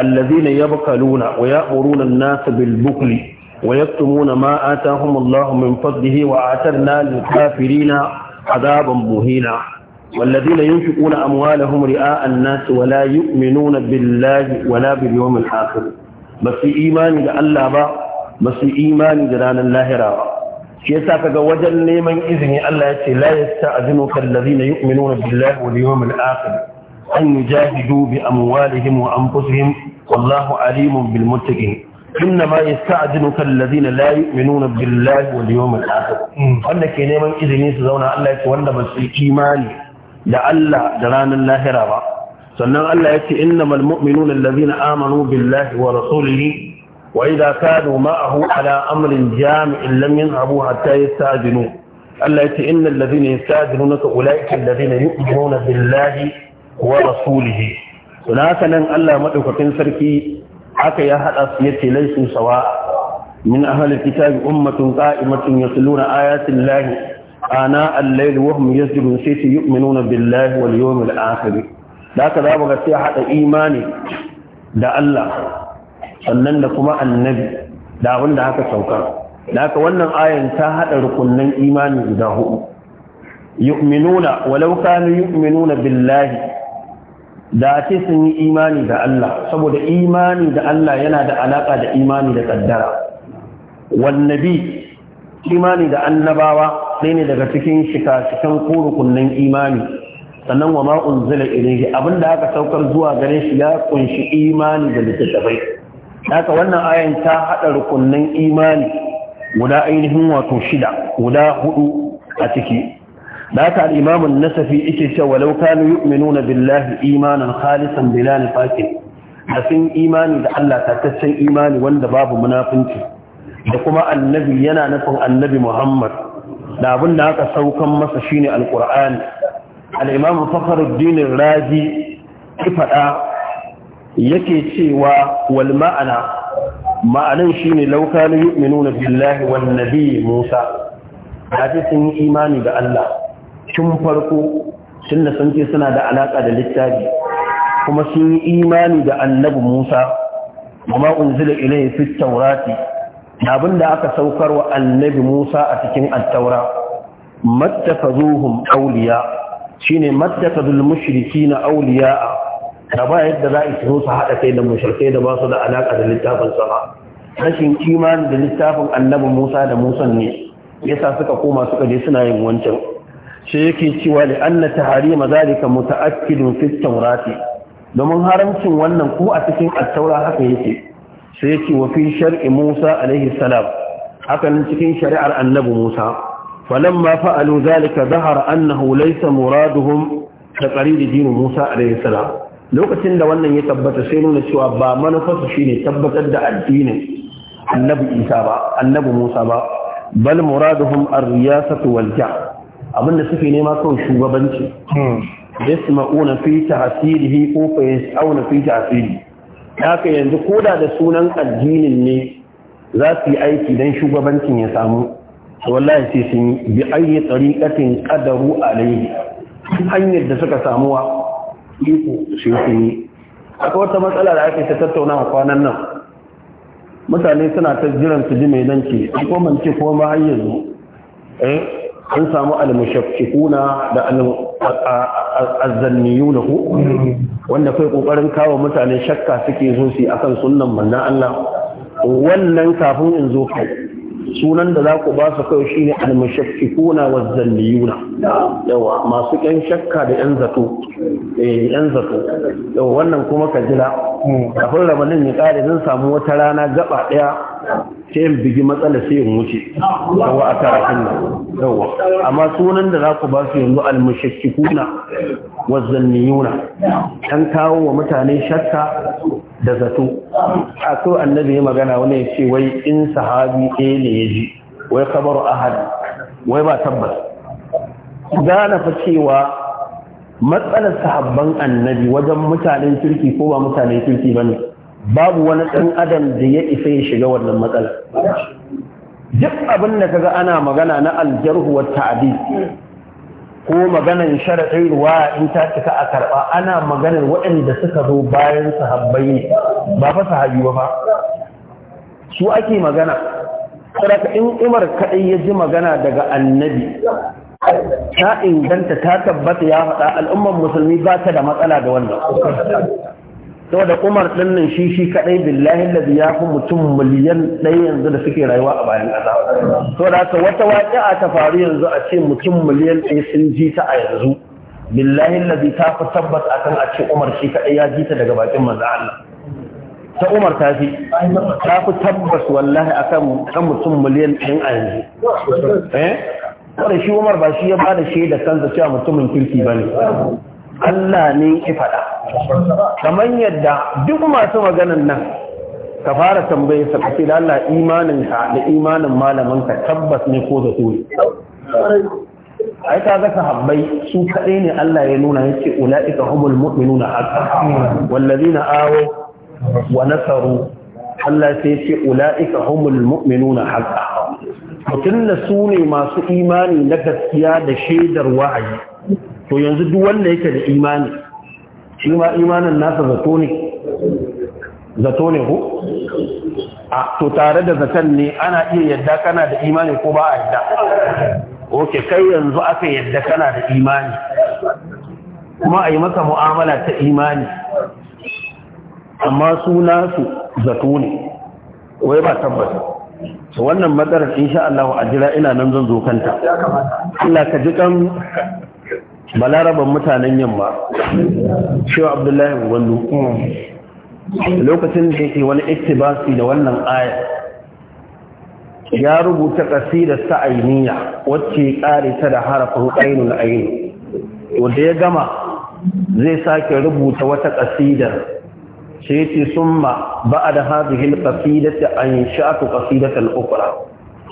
alladhina yabqaluna wa ya'muruna an-nasa bil bukli ويكتمون ما آتاهم الله من فضله وآترنا للكافرين عذابا مهينا والذين ينفقون أموالهم رئاء الناس ولا يؤمنون بالله ولا باليوم الآخر بس إيمان إذا الله با بس إيمان إذا الله را شيسا كذا وجل لمن إذن الله يتي لا يستأذنك الذين يؤمنون بالله واليوم الآخر أن يجاهدوا بأموالهم وأنفسهم والله عليم بالمتقين إنما يستأذنك الذين لا يؤمنون بالله واليوم الآخر وأنك نيمان إذن يسزون الله يتي وأن بس إيماني da Allah da ranar lahira ba sannan Allah ya ce innamal mu'minuna allazina amanu billahi wa rasulihi wa idza kanu ma'ahu ala amrin jami'in lam yanhabu hatta yasta'dinu Allah ya ce innal ladina yasta'dinuna ulaika alladina yu'minuna billahi wa rasulihi sunaka nan Allah madaukakin sarki haka ya hada su yace laysu sawa min ahli kitabi ummatun qa'imatun yatluna ayatin ana al wa hum yasjudun sai su yu'minuna billahi wal yawmil akhir da ka za mu ga sai hada imani da Allah sannan da kuma annabi da abin da haka saukar da haka wannan ayan ta hada rukunnan imani guda hudu yu'minuna walau kanu yu'minuna billahi da ce sun yi imani da Allah saboda imani da Allah yana da alaƙa da imani da ƙaddara wannabi imani da annabawa ɗaya ne daga cikin shika ko kurukunnan imani sannan wa ma'un zila ilaihi abinda aka saukar zuwa gare shi ya kunshi imani da littattafai haka wannan ayan ta haɗa rukunnan imani guda ainihin wato shida guda hudu a ciki da haka al'imamun nasafi ike cewa walau kanu yu'minuna billahi imanan khalisan bila nifaqin da sun imani da Allah tattaccen imani wanda babu munafunci da kuma annabi yana nufin annabi Muhammad da abin da aka saukan masa shine alqur'ani al-imam fakhruddin razi ki fada yake cewa wal ma'ana ma'anan shine law kanu yu'minuna billahi wan nabiy Musa ce sun yi imani da Allah tun farko tun da sun ce suna da alaƙa da littafi kuma sun yi imani da annabi Musa amma unzila ilai fit taurati. abin da aka saukar wa annabi Musa a cikin attaura mattafazuhum awliya shine mattafazul na Auliya a. ba yadda za a tuno su haɗa kai da mushrikai da ba su da alaka da littafin sama rashin kimanin da littafin annabi Musa da Musa ne yasa suka koma suka je suna yin wancan shi yake cewa li anna taharima zalika muta'akkidun fi tawrati domin haramcin wannan ko a cikin attaura haka yake sai yake wafi fi shar'i Musa alaihi salam haka nan cikin shari'ar annabi Musa falamma fa'alu zalika zahara annahu laysa muraduhum taqrir din Musa alaihi salam lokacin da wannan ya tabbata sai nuna cewa ba manufarsu shine tabbatar da addinin annabi Isa ba annabi Musa ba bal muraduhum ar-riyasatu wal ja' abinda suke nema kawai shugabanci hmm. yasma'una fi ta'sirihi ko fa yas'auna fi ta'sirihi haka yanzu koda da sunan addinin ne za su yi aiki don shugabancin ya samu wallahi sai sun yi bi ayi kadaru a alaihi hanyar da suka samuwa iko sai sun yi akwai wata matsala da ake ta tattauna kwanan nan mutane suna ta jiran su ji mai nan ce an koma ce ko ma har yanzu eh, an samu almushaffikuna da azzanniyuna ko wanda kai kokarin kawo mutane shakka suke zo su akan sunnan manzon Allah wannan kafin in zo kai sunan da za ku ba su kai shine al-mushakkikuna zanniyuna. yawa masu yan shakka da yan zato eh yan zato yawa wannan kuma ka jira hmm. kafin rabanin ya kare zan samu wata rana gaba daya sai in bigi matsala sai in wuce yawa a tara nan yawa amma sunan da za ku ba su yanzu almushakikuna wazzanniyuna dan kawo wa mutane shakka da zato a to annabi ya magana wani ya ce wai in sahabi ɗaya ne ya ji wai kabaru ahad wai ba tabbas gane fa cewa matsalar sahabban annabi wajen mutanen kirki ko ba mutanen kirki ba ne babu wani ɗan adam da ya isa ya shiga wannan matsala duk abin da kaga ana magana na aljarhu wa ta'adi ko maganar sharaɗin ruwa in ta cika a karɓa ana maganar waɗanda suka zo bayan sahabbai ne ba fa sahabi ba su ake magana saraka in umar kaɗai ya ji magana daga annabi ta inganta ta tabbata ya faɗa al'ummar musulmi ba ta da matsala da wannan da umar din nan shi shi kadai billahi ladhi ya fi mutum miliyan ɗaya yanzu da suke rayuwa a bayan ƙasa da haka wata waƙi'a ta faru yanzu a ce mutum miliyan ɗaya sun ji ta a yanzu billahi ladhi ta fi tabbas akan a ce umar shi kadai ya ji ta daga bakin manzo Allah ta umar ta fi ta fi tabbas wallahi akan kan mutum miliyan ɗin a yanzu eh wanda shi umar ba shi ya da shaida kansa cewa mutumin kirki ba ne. Allah ne ya faɗa kamar yadda duk masu maganan nan ka fara tambaye ka ce da Allah imanin ka da imanin malamin ka tabbas ne ko da tsoro ai ka ga sahabbai su kaɗai ne Allah ya nuna yace ulaika humul mu'minuna haqqan wallazina awaw wa nasaru Allah sai ce ula'ika humul mu'minuna haqqa mutum da su ne masu imani na gaskiya da shaidar wa'ayi to yanzu duk wanda yake da imani shi ma imanin nasa zato ne zato ne ko a to tare da zaton ne ana iya yadda kana da imani ko ba a yadda ok kai yanzu aka yadda kana da imani kuma a yi maka mu'amala ta imani amma suna su zato ne wai ba tabbata wannan matsalar insha Allah a jira ina nan zan zo kanta Allah ka ji kan balaraban mutanen yamma cewa abdullahi gwandu lokacin da yake wani iktibasi da wannan aya ya rubuta kasidar sa'ainiya wacce ya ƙare ta da harafin ainul ainu wanda ya gama zai sake rubuta wata ƙasidar? sai ce summa ba'da hadhihi al-qasidati an sha'atu qasidatan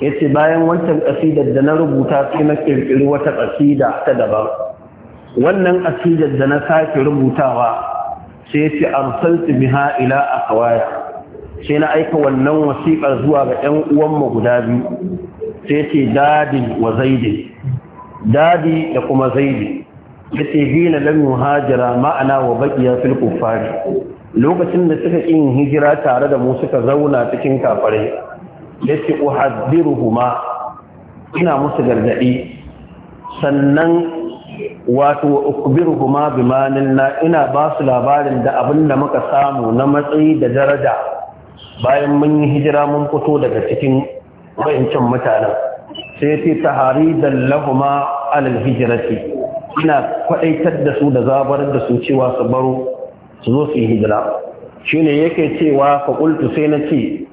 Ya yace bayan wancan ƙasidar da na rubuta sai na kirkiri wata ƙasida ta daban wannan asijar da na sake rubutawa sai ya ce arsaltu biha ila akhawaya sai na aika wannan wasiƙar zuwa ga ƴan uwanmu guda biyu sai ya ce dadi wa zaidi dadi da kuma zaidi yace hina lam yuhajira ma'ana wa baqiya fil kuffari lokacin da suka yin hijira tare da mu suka zauna cikin kafare yace uhaddiruhuma ina musu gargadi sannan wato ukbiruhuma bima na ina ba su labarin da abin da muka samu na matsayi da daraja bayan mun yi hijira mun fito daga cikin wayancin mutanen sai ya ce tahari da lahuma alal hijirati ina kwaɗaitar da su da zabar da su cewa su baro su zo su yi hijira shine yake cewa fa sai na ce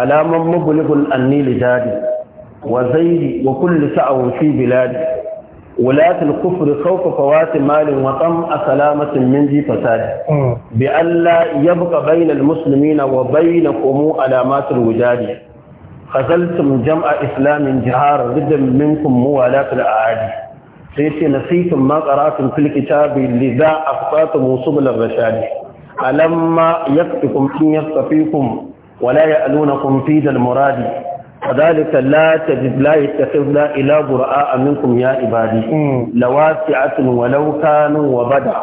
alaman mubligul anni lidadi wa zaidi wa kullu sa'awun fi biladi ولاة الكفر خوف فوات مال وطمع سلامة من ذي فساد بألا يبقى بين المسلمين وبينكم علامات الوجاد خزلتم جمع إسلام جهار ضد منكم موالاة الأعادي سيتي نسيتم ما قرأتم في الكتاب لذا أخطأتم سبل الرشاد ألما يكفكم إن يكفيكم ولا يألونكم في ذا المراد فذلك لا تجد لا يتخذنا إلى براء منكم يا عبادي لواسعة ولو كانوا وبدع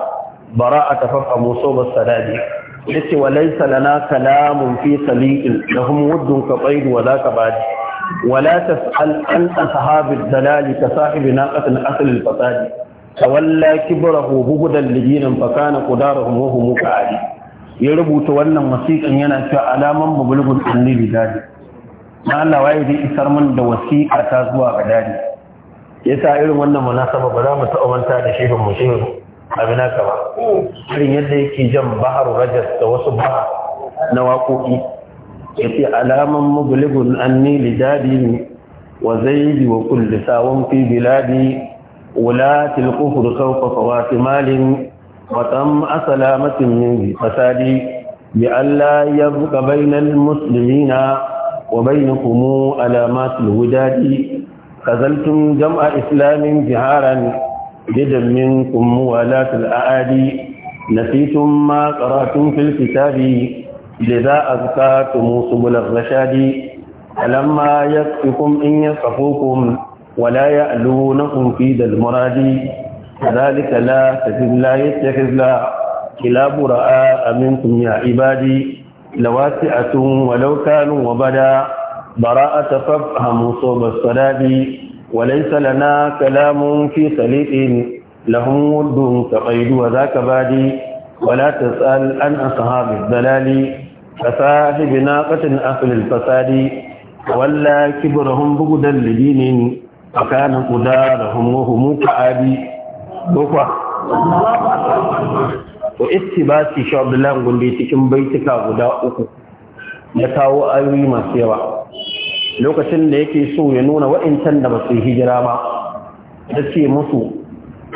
براءة فافهموا صوب السداد لسي وليس لنا كلام في سليء لهم ود كطيب ولا كباد ولا تسأل عن أصحاب الدلال كصاحب ناقة أصل الفساد تولى كبره بغدا لدينا فكان قدارهم وهم كعادي يربط ولنا مسيقا ينا على من مبلغ الأنبي ذلك na Allah waye zai isar min da wasiƙa ta zuwa ga dadi yasa irin wannan munasaba ba za mu taɓa manta da shehu mu shehu amina ka ba irin yadda yake jan bahar rajas da wasu ba na waƙoƙi yake alaman mublighun anni ne, wa zaidi wa kulli sawun fi biladi ولاة الكفر سوف فوات مال وتم سلامة من bi Allah ya يبقى bainal muslimina وبينكم علامات الوداد خذلتم جمع إسلام جهارا جدا منكم موالاة الأعادي نسيتم ما قرأتم في الكتاب لذا أذكرتم سبل الرشاد ألما يكفكم إن يصفوكم ولا يألونكم في ذا المراد كذلك لا تجد لا يتخذ لا كلاب رآء منكم يا عبادي لواسعة ولو كانوا وبدا براءة فافهموا صوب الصلاة وليس لنا كلام في سليق لهم ود كقيد وذاك بادي ولا تسأل عن أصحاب الضلال فصاحب ناقة أهل الفساد ولا كبرهم بغدا لدين فكان قدارهم وهم كعادي بكوة wa istibati shi abdullahi gundi cikin baituka guda uku ya kawo ayoyi masu yawa lokacin da yake so ya nuna wa'incan da ba su hijira ba da ce musu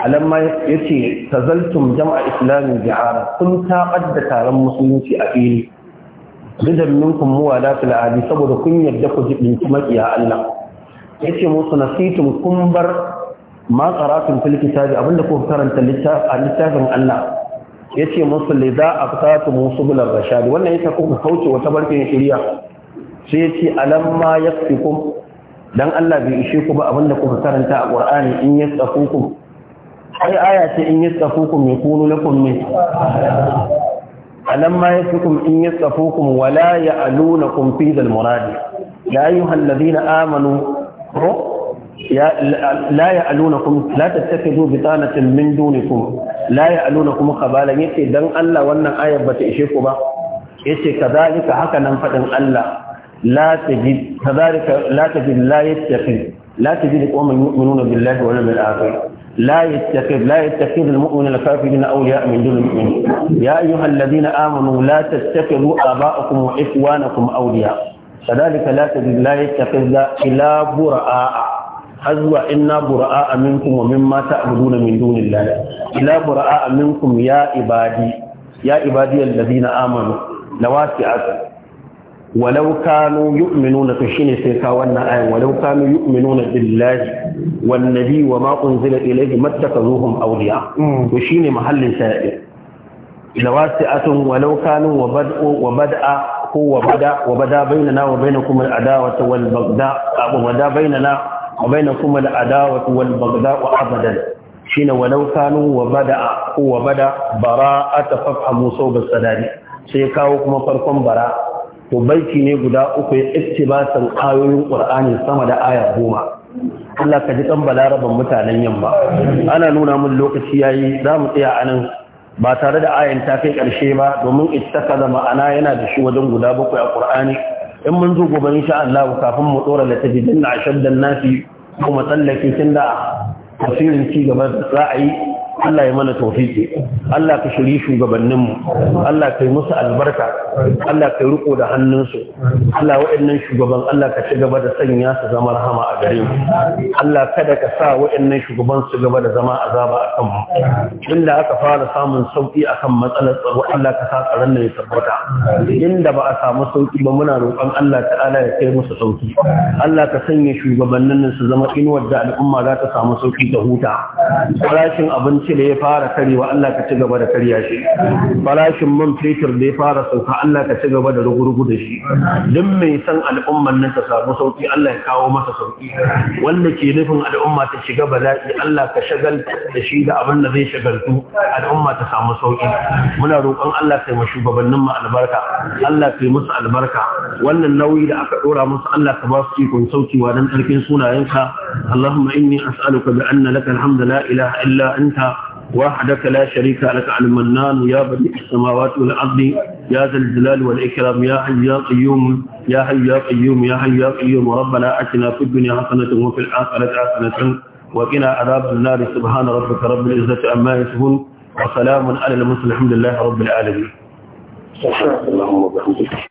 alamma ya ce tazaltum jama'a islamin jihara kun taɓar da taron musulunci a fili bidan minkum muwa da fil'adi saboda kun yadda ku jibinci maƙiya Allah ya ce musu nasitun kun bar ma karatun fil da abinda ku karanta a littafin Allah yace musu su aqtatu musubulan rashad wannan yake kuka kauce wata barfin shiriya sai yace alamma yakfikum dan Allah bai ishe ku ba abinda kuka karanta a Qur'ani in yasafukum ai aya ce in ya yasafukum yakunu lakum min alamma yasafukum in yasafukum wala ya'lunakum fi dal muradi ya ayyuhal ladina amanu la ya'lunakum la tattakhidhu bitanatan min dunikum la ya'lunakum khabalan yace dan Allah wannan ayar bata ishe ku ba yace kazalika haka nan fadin Allah la tajid kazalika la tajid la yattakhidhu لا تجد قوما يؤمنون بالله ولا بالآخرة لا يتخذ لا يتخذ المؤمن الكافرين أولياء من دون المؤمنين يا أيها الذين آمنوا لا تتخذوا آباءكم وإخوانكم أولياء كذلك لا تجد لا يتخذ إلا برآء har zuwa inna bura'a minkum wa mimma ta'buduna min dunillahi ila bura'a minkum ya ibadi ya ibadi alladhina amanu lawasi'at walau kanu yu'minuna to shine sai ka wannan ayan walau kanu yu'minuna billahi wan nabi wa ma unzila ilayhi mattakazuhum awliya to shine mahallin sai lawasi'atun walau kanu wa bad'u wa bad'a ko wa bada wa bada bainana wa bainakum al-adawa wal bagda abu wada bainana wa bainakum al-adawatu wal baghda'u abadan shine walau kanu wa bada'a ko wa bada bara'ata fafhamu sawba sadari sai kawo kuma farkon bara to baiti ne guda uku ya iktibasan ayoyin qur'ani sama da aya goma Allah ka ji kan balaraban mutanen yamma ana nuna min lokaci yayi za mu tsaya nan. ba tare da ayan ta kai ƙarshe ba domin ittakaza ma'ana yana da shi wajen guda bakwai a qur'ani in mun zo gobe insha Allah kafin mu dora la tajidin ashaddan nasi kuma tsallake tunda tafsirin ci gaba da za a yi Allah ya mana tawfiki Allah ka shiri shugabannin mu Allah ka yi musu albarka Allah ka riko da hannunsu Allah waɗannan shugaban Allah ka ci gaba da sanya su zama rahama a gare mu Allah kada ka sa waɗannan shugaban su gaba da zama azaba a kan inda aka fara samun sauki akan matsalar tsaro Allah ka sa tsaron ne ya tabbata inda ba a samu sauki ba muna roƙon Allah ta'ala ya kai musu sauki Allah ka sanya shugabannin su zama inuwar da al'umma za ta samu sauki ta huta farashin abinci abinci ne ya fara karewa Allah ka ci gaba da karya shi farashin man fetur da ya fara sauka Allah ka ci gaba da rugurugu da shi duk mai san al'umman nan ta samu sauki Allah ya kawo masa sauki wanda ke nufin al'umma ta shiga bala'i Allah ka shagal da shi da abin da zai shagaltu al'umma ta samu sauki muna roƙon Allah kai mu shugabannin mu albarka Allah kai musu albarka wannan nauyi da aka dora musu Allah ka ba su ikon saukiwa dan tsarkin sunayenka Allahumma inni ka bi anna laka alhamdu la ilaha illa وحدك لا شريك لك على المنان يا بديع السماوات والأرض يا ذا الجلال والإكرام يا حي يا قيوم يا حي يا قيوم يا حي يا قيوم ربنا أتنا في الدنيا حسنة وفي الآخرة حسنة وقنا عذاب النار سبحان ربك رب العزة عما يصفون وسلام على المسلم الحمد لله رب العالمين. سبحانك اللهم وبحمدك